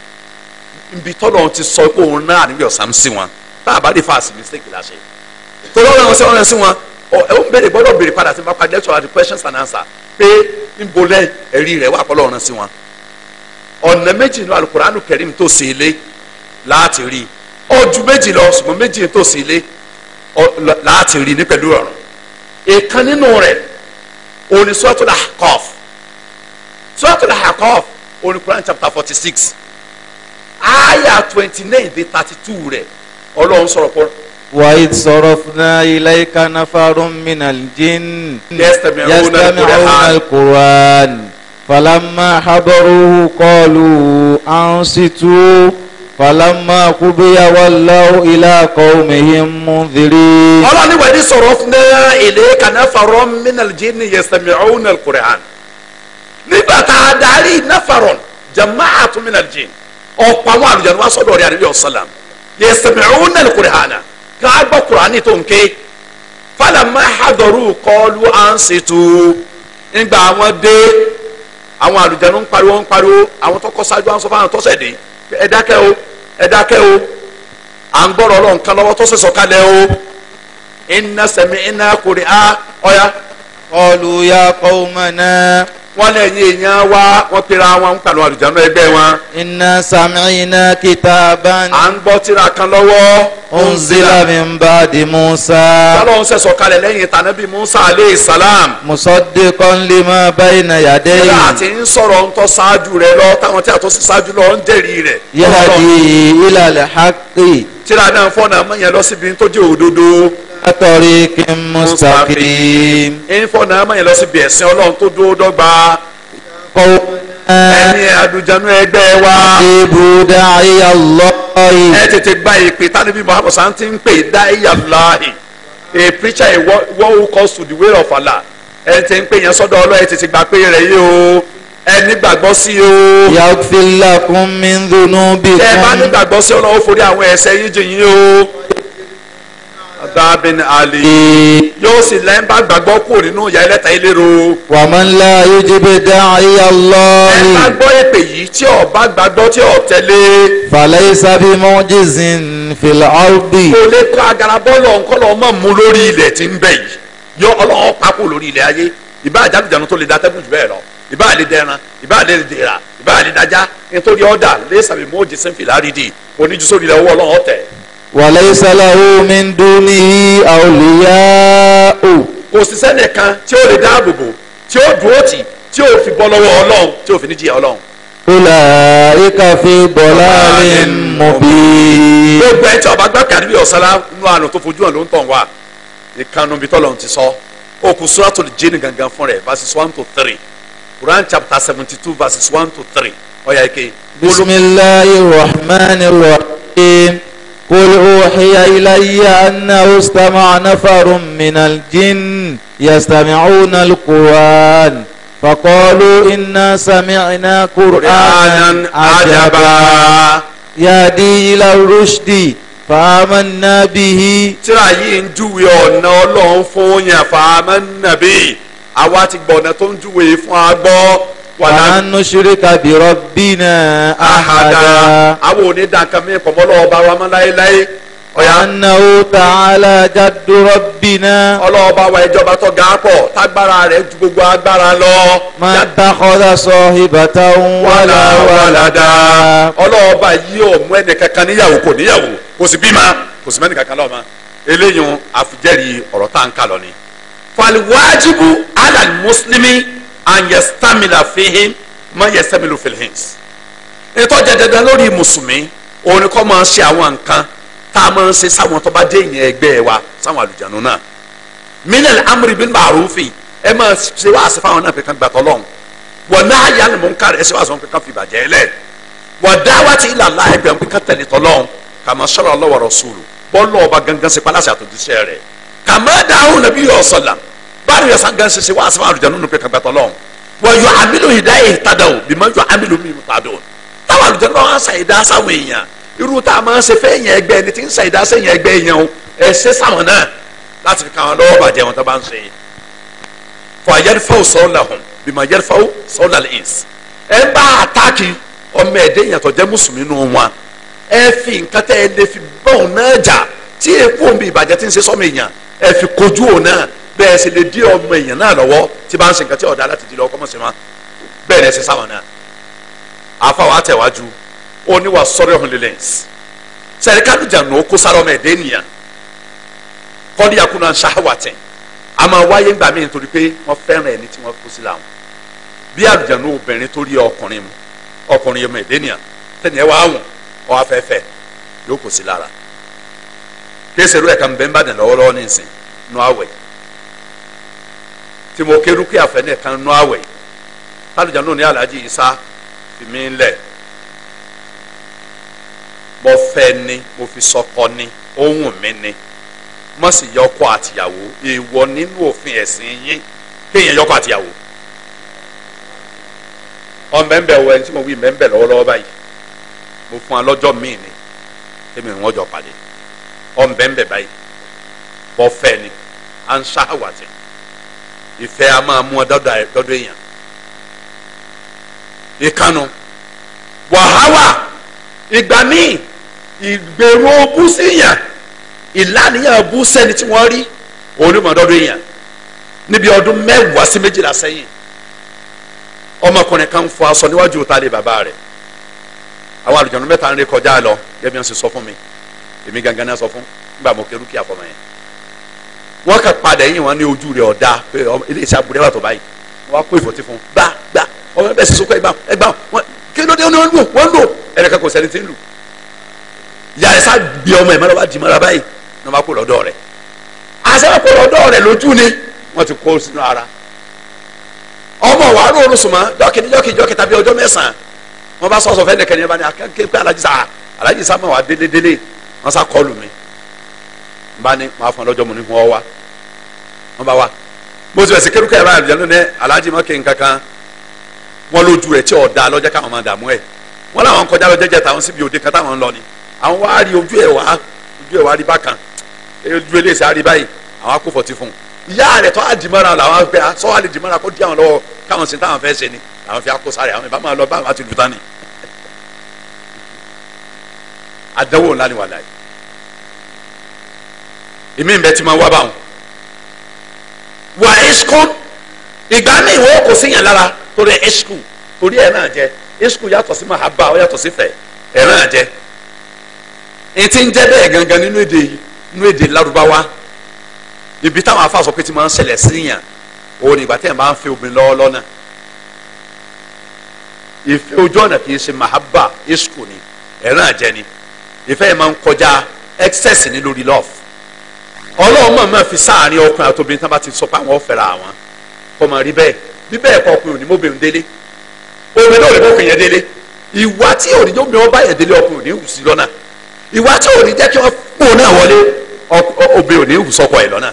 ibi tọ́lọ̀ ti sọ pé òun náà níbi ọ̀sán sí wọn bá a bá rí fáàsì mistake la ṣe tọ́lọ́ lọ́wọ́ sí ọ̀rẹ́ sí wọn ó ń béèrè gbọ́dọ̀ béèrè padà sí bàbá lecture àti questions and answer pé níbo lẹ́ ẹ̀rí rẹ̀ wà pọ́lọ́ ọ̀rẹ́ sí wọn ọ̀nà méjì ní alukóránù kẹrim tó sì ilé láti rí ọjù méjì lọ ṣùgbọ́n méjì tó sì ilé láti rí ní pẹ̀lú ọ̀rọ̀ èèkan nínú rẹ̀ òní sọ́tùlà Ahqaf sọ́tùlà Ahqaf òní Quran chapter forty six aya twenty nine dé thirty two rẹ̀ ọlọ́run sọ̀rọ̀ pọ̀. وإذ صرفنا إليك نفر من الجن يستمعون القرآن فلما حضروه قالوا أنصتوا falamma kubiya walaw ila qawmihim mundhirin. ọlọ́ni wà ní sọ̀rọ̀ fún ẹ èlé kana farọ́ minal jinni yastami'una al-Qur'an nígbà tá a darí nafarọ̀ jama'atu minal jinni ọ̀pọ̀ àwọn àlùjá wa sọ̀dọ̀ rẹ̀ àdébíyàn sálàm yastami'una al-Qur'ana ká gbọ́ kùránì tó ń ké falamma hadaru qalu ansitu nígbà àwọn dé àwọn àlùjá ń pariwo ń pariwo àwọn tó kọ́ sáájú àwọn sọ fún àwọn tó sẹ̀ dé ẹ dákẹ́ o ẹ o à ń gbọ́rọ̀ ọlọ́run kan lọ́wọ́ tó sẹ̀sọ̀ kalẹ̀ o inna sami'na qur'ana ọ̀ya. qalu ya qawmana wọ́n lẹ́yìn èèyàn wa wọ́n pera wọn ń kàlọ́ àlùjáná ẹgbẹ́ wọn. inna sami'na kitaban. à ń gbọ́ tírà kan lọ́wọ́. unzila min ba'di Musa. kálọ̀ ń sẹ̀sọ̀ kalẹ̀ lẹ́yìn tànàbí Musa aleyhi salam. musaddiqan lima bayna yadayhi. yàrá àti ń sọ̀rọ̀ ń tọ́ ṣáájú rẹ̀ lọ táwọn tí a tó sì ṣáájú lọ ń jẹ́rìí rẹ̀. yahdi ilal haqqi. tírà náà fọ́nà mọ́yẹn lọ tariqin mustaqim. ẹ̀yin fọ̀nà àmọ́ yẹn lọ síbi ẹ̀sìn ọlọ́run tó dúró dọ́gba. ẹni àdùjánu ẹgbẹ́ wa. ibùdó ayé lọ́ọ̀yì. ẹ tètè gba ìpè tani bí muhammed ń pè dá ìyá a preacher a one who calls to the way of Allah ẹ ti ń pè yẹn sọ́dọ̀ ọlọ́ ẹ tètè gbà pé rẹ̀ yé o ẹ nígbàgbọ́ sí o. yaghfir lakum min dhunubikum. ẹ bá nígbàgbọ́ sí ọlọ́wọ́ forí àwọn ẹ̀ṣẹ̀ yín jìn o azabin ali. yóò sì lẹ́yìn bá gbàgbọ́ kúrò nínú ìyà ẹlẹ́ta ìlérò. wa man la yujibu da'iya Allah. ẹ bá gbọ́ èpè yìí tí ò bá gbàgbọ́ tí ò tẹ̀lé. falaysa bi mu'jizin fil ardi. kò lè kọ́ agarabọ́lọ̀ nkọ́lọ́ mọ̀ mú lórí ilẹ̀ tí ń bẹ yìí yọ ọlọ́wọ́ pákó lórí ilẹ̀ ayé ìbá àjálùjánu tó lè da tẹ́kùn jù bẹ́ẹ̀ lọ ìbá àlè dẹran ìbá àlè dèrà ìbá àlè dájá nítorí ọ̀dà lẹ́sàbí mọ́ọ̀jì sẹ́ńfìlárìdì oníjúsórí ilẹ̀ owó ọlọ́wọ́ tẹ̀. وليس له من دونه أولياء kò sí sẹ́nìkan tí ó lè dáàbò bò tí ó dúró tì tí ó fi bọ́ lọ́wọ́ ọlọ́run tí ó fi ní jìyà ọlọ́run. ulaika fi dalalin mubin. gbogbo ẹ̀ tí ọba gbàgbà níbi ọ̀sálà nínú àná tó fojú hàn ló ń tàn wá ìkànnì bí tọ́lọ̀ ti sọ okùn suratul jinn gangan fún rẹ̀ verses one to three Quran chapter seventy two verses one to three ọ̀yà ike. bismillahir rahmanir rahim. قل أوحي إلي أنه استمع نفر من الجن يستمعون القرآن فقالوا إنا سمعنا قرآنا عجبا يهدي إلى الرشد فآمنا به tíra yìí ń júwe ọ̀nà Ọlọ́run فآمنا به àwa ti gbọ̀nà tó wàlá nuṣirika bi rabbina ahada. àwọn òní dàkà mí pọ̀mọ́lọ́ ọba wa mọ́ láéláé. ọ̀yà annahu ta'ala jaddu rabbina. ọlọ́ọ̀ba wa ìjọba tó ga pọ̀ tágbára rẹ̀ ju gbogbo agbára lọ. ma takhadha sahibatan wala walada. ọlọ́ọ̀ba yìí ò mú ẹnì kankan níyàwó kò níyàwó kò sì bímọ kò sì mẹ́nì kankan lọ́mọ. eléyìí àfijẹ́rì ọ̀rọ̀ tá ala muslimi an yastamila fihim ma yastamilu filhins ètò jẹjẹrẹ lórí mùsùlùmí òun kọ́ máa ṣe àwọn nǹkan tá a máa ń ṣe sáwọn tó bá dé ìyẹn ẹgbẹ́ wa sáwọn àlùjánu náà minal amri bil ma'rufi ẹ máa ṣe wá àṣẹ fáwọn náà kankan gbàtọ́ lọ́hùn wọ́n náà yà ni mò ń kárí ṣe wá àṣẹ wọn kankan fi bàjẹ́ lẹ̀ wọ́n dá wá ti ilà Allah ẹgbẹ́ wọn kankan tẹ̀lé tọ́ lọ́hùn kàmá sọ̀rọ̀ Allah wa rasulu bọ́ọ̀lù ọba gangan ṣe pálásì àtòjúṣe rẹ̀ kàmá dáhùn nàbí yọ̀ sọ̀làm báwo yẹ san gan sese wàá sábà àlùjánu nù pé kàgbàtọ̀ lọ́wọ́ wọ́n yọ amílò ìdá yìí tadà o bí ma yọ amílò mi tadà o táwọn àlùjánu bá wọn sa ìdá sáwọn èèyàn irú tá a máa ń ṣe fẹ́ yẹn ẹgbẹ́ ẹni tí ń sa ìdá sẹ́yìn ẹgbẹ́ o ẹ ṣe sáwọn náà láti fi káwọn lọ́wọ́ bàjẹ́ wọn tó bá ń ṣe yìí fọ ayẹ́rìfáwò sọ́ọ́ la hùn bí ma ayẹ́rìfáwò sọ́ọ́ la lè ins ẹ bá àtàkì ọmọ ẹ̀dẹ́ yẹn tó jẹ́ mùsùlùmí nù wọn ẹ fi nǹkan tẹ́ ẹ lè fi bọ́ọ̀ náà jà tí èkó mi ìbàjẹ́ ti ń ṣe sọ́mi yẹn fi kojú òun náà bẹ́ẹ̀ sì lè dí ọmọ èèyàn náà lọ́wọ́ tí bá ń ṣe nǹkan tí ọ̀dà láti di lọ́wọ́ kọ́mọ̀ sí ma bẹ́ẹ̀ ni ẹ ṣe sáwọn náà àfàwọn àtẹ̀wájú ó ní wà sọ́rọ̀ ọ̀hún lélẹ̀ sẹ́ni kánú jàǹdù ó kó sáró ọmọ ẹ̀dẹ́ nìyà kọ́ni yakuna ṣáwàtẹ̀ a máa wáyé ńgbà míì nítorí pé wọ́n fẹ́ràn ẹni tí wọ́n kó sí làwọn bí àlùjàǹdù obìnrin tó rí ọkùnrin mu ọkùnrin ọmọ ẹ̀dẹ́ nìyà tẹ̀lé ẹ wá wọn ọ afẹ́fẹ́ yóò kó sí lára kí ẹsẹ̀ rú ẹ̀ka mbẹ́ńbàdàn lọ́wọ́lọ́wọ́ tí mo ké rúkìá fẹ́nẹ̀ kan nú àwẹ̀ kálùjá náà ní aláàjì ìsá fi mí lẹ̀ mo fẹ́ ni mo fi sọkọ ni ohun mi ni mo sì yọkọ àtìyàwó èèwọ̀ nínú òfin ẹ̀sìn yín kéèyàn yọkọ àtìyàwó ọmọbẹ̀nbẹ̀ wọ ẹni tí mo wí mẹ́ńbẹ̀ lọ́wọ́lọ́wọ́ báyìí mo fún wa lọ́jọ́ míì ni èmi wọn jọ pàdé ọmọbẹ̀nbẹ̀ báyìí mo fẹ́ ni à ń ṣáwàtì ìfẹ́ a máa mú ọ dọ́dọ̀ dọ́dọ̀ èèyàn ìkànnù wàhálà ìgbà míì ìgbèrò bú síyàn ìlànìyàn bú sẹ́ni tí wọ́n rí òun ni mọ̀ dọ́dọ̀ èèyàn níbi ọdún mẹ́wàá sí méjìlá sẹ́yìn ọmọkùnrin kan fọ aṣọ níwájú ta lè bàbá rẹ̀ àwọn àlùjọ̀nù mẹ́ta ń rékọjá lọ gẹ́gẹ́ bí wọ́n ṣe sọ fún mi èmi gangan náà sọ fún nígbà mo kẹrù kí àfọmọ yẹn wọ́n kàn padà yín wọ́n ní ojú rẹ̀ ọ̀dà pé ilé iṣẹ́ abúlé wà tó báyìí wọ́n á kó ìfọ̀tí fún un gbá gbá ọmọ bẹ́ẹ̀ sísun kọ́ ẹgbà ẹgbà wọn kí ló dé wọn lò wọn lò ẹnìkan kò sẹ́ni tí ń lù ìyá rẹ̀ sá gbé ọmọ ẹ̀ mọ́ra wá di mọ́ra báyìí ní wọ́n bá kó lọ́dọ̀ rẹ̀ àṣẹ wọn kó lọ́dọ̀ rẹ̀ lójú ni wọ́n ti kó sínú ara ọmọ wa rò ó sùnmọ́ jọ́kì jọ́kì jọ́kì tàbí ọjọ́ mẹ́sàn-án wọ́n bá sọ̀sọ̀ fẹ́ẹ́ nìkan ní ẹ bá ní máa fún ọ lọ́jọ́ mo ní wọ́n wá wọ́n bá wá mo ti bẹ̀ sí kérúkẹ́ ẹ̀rọ àlùjá lónìí aláàjì mọ́kè nkankan wọ́n lójú rẹ̀ tí ọ̀dà lọ́jọ́ káwọn máa dààmú ẹ̀ wọ́n làwọn kọjá lọ jẹ́jẹ́ táwọn síbi òde kan táwọn ń lọ ni àwọn wá rí ojú ẹ̀ wá ojú ẹ̀ wá rí bákan ojú ẹ̀ lè sá rí báyìí àwọn akófò ti fún un ìyá rẹ̀ tọ́ àdìmọ́ra làwọn pẹ́ sọ́ wà lè dìmọ́ra kó dí àwọn lọ́wọ́ káwọn sin táwọn fẹ́ ṣe ni làwọn fi akó sáré àwọn ìbá máa lọ bá àwọn àti lùtánì àdánwò ńlá ni èmi ń bẹ ti máa wá báwọn. wà iskun ìgbà míì wọ́n kò síyàn lára torí isku torí ẹ̀ náà jẹ́ isku yàtọ̀ sí mahaba ó yàtọ̀ sí fẹ̀ ẹ̀ náà jẹ́. ètí ń jẹ́ bẹ́ẹ̀ gangan nínú èdè nínú èdè Lárúbáwá ibi táwọn afa sọ pé ti máa ń ṣẹlẹ̀ síyàn òun ìgbà tẹ̀ máa ń fi obìnrin lọ́wọ́ lọ́nà ìfẹ́ ojú ọ̀nà kì í ṣe mahaba isku ni ẹ̀ràn àjẹni ìfẹ́ yẹn máa ń kọjá excess ní lórí love ọlọ́run mọ̀ mọ̀ fi sáàrin ọkùnrin àtòbìnrin tí wọ́n bá ti sọ pé àwọn ọ̀fẹ́ra àwọn kọ́ mọ̀ rí bẹ́ẹ̀ bí bẹ́ẹ̀ kọ́ ọkùnrin òní mọ́bìnrin délé obìnrin náà rí bọ́ọ̀kùnrin yẹn délé ìwà tí òní yóò mi wọ́n bá yẹn délé ọkùnrin òní wù sí lọ́nà ìwà tí òní jẹ́ kí wọ́n pò náà wọlé obìnrin òní wù sọ́kọ ẹ̀ lọ́nà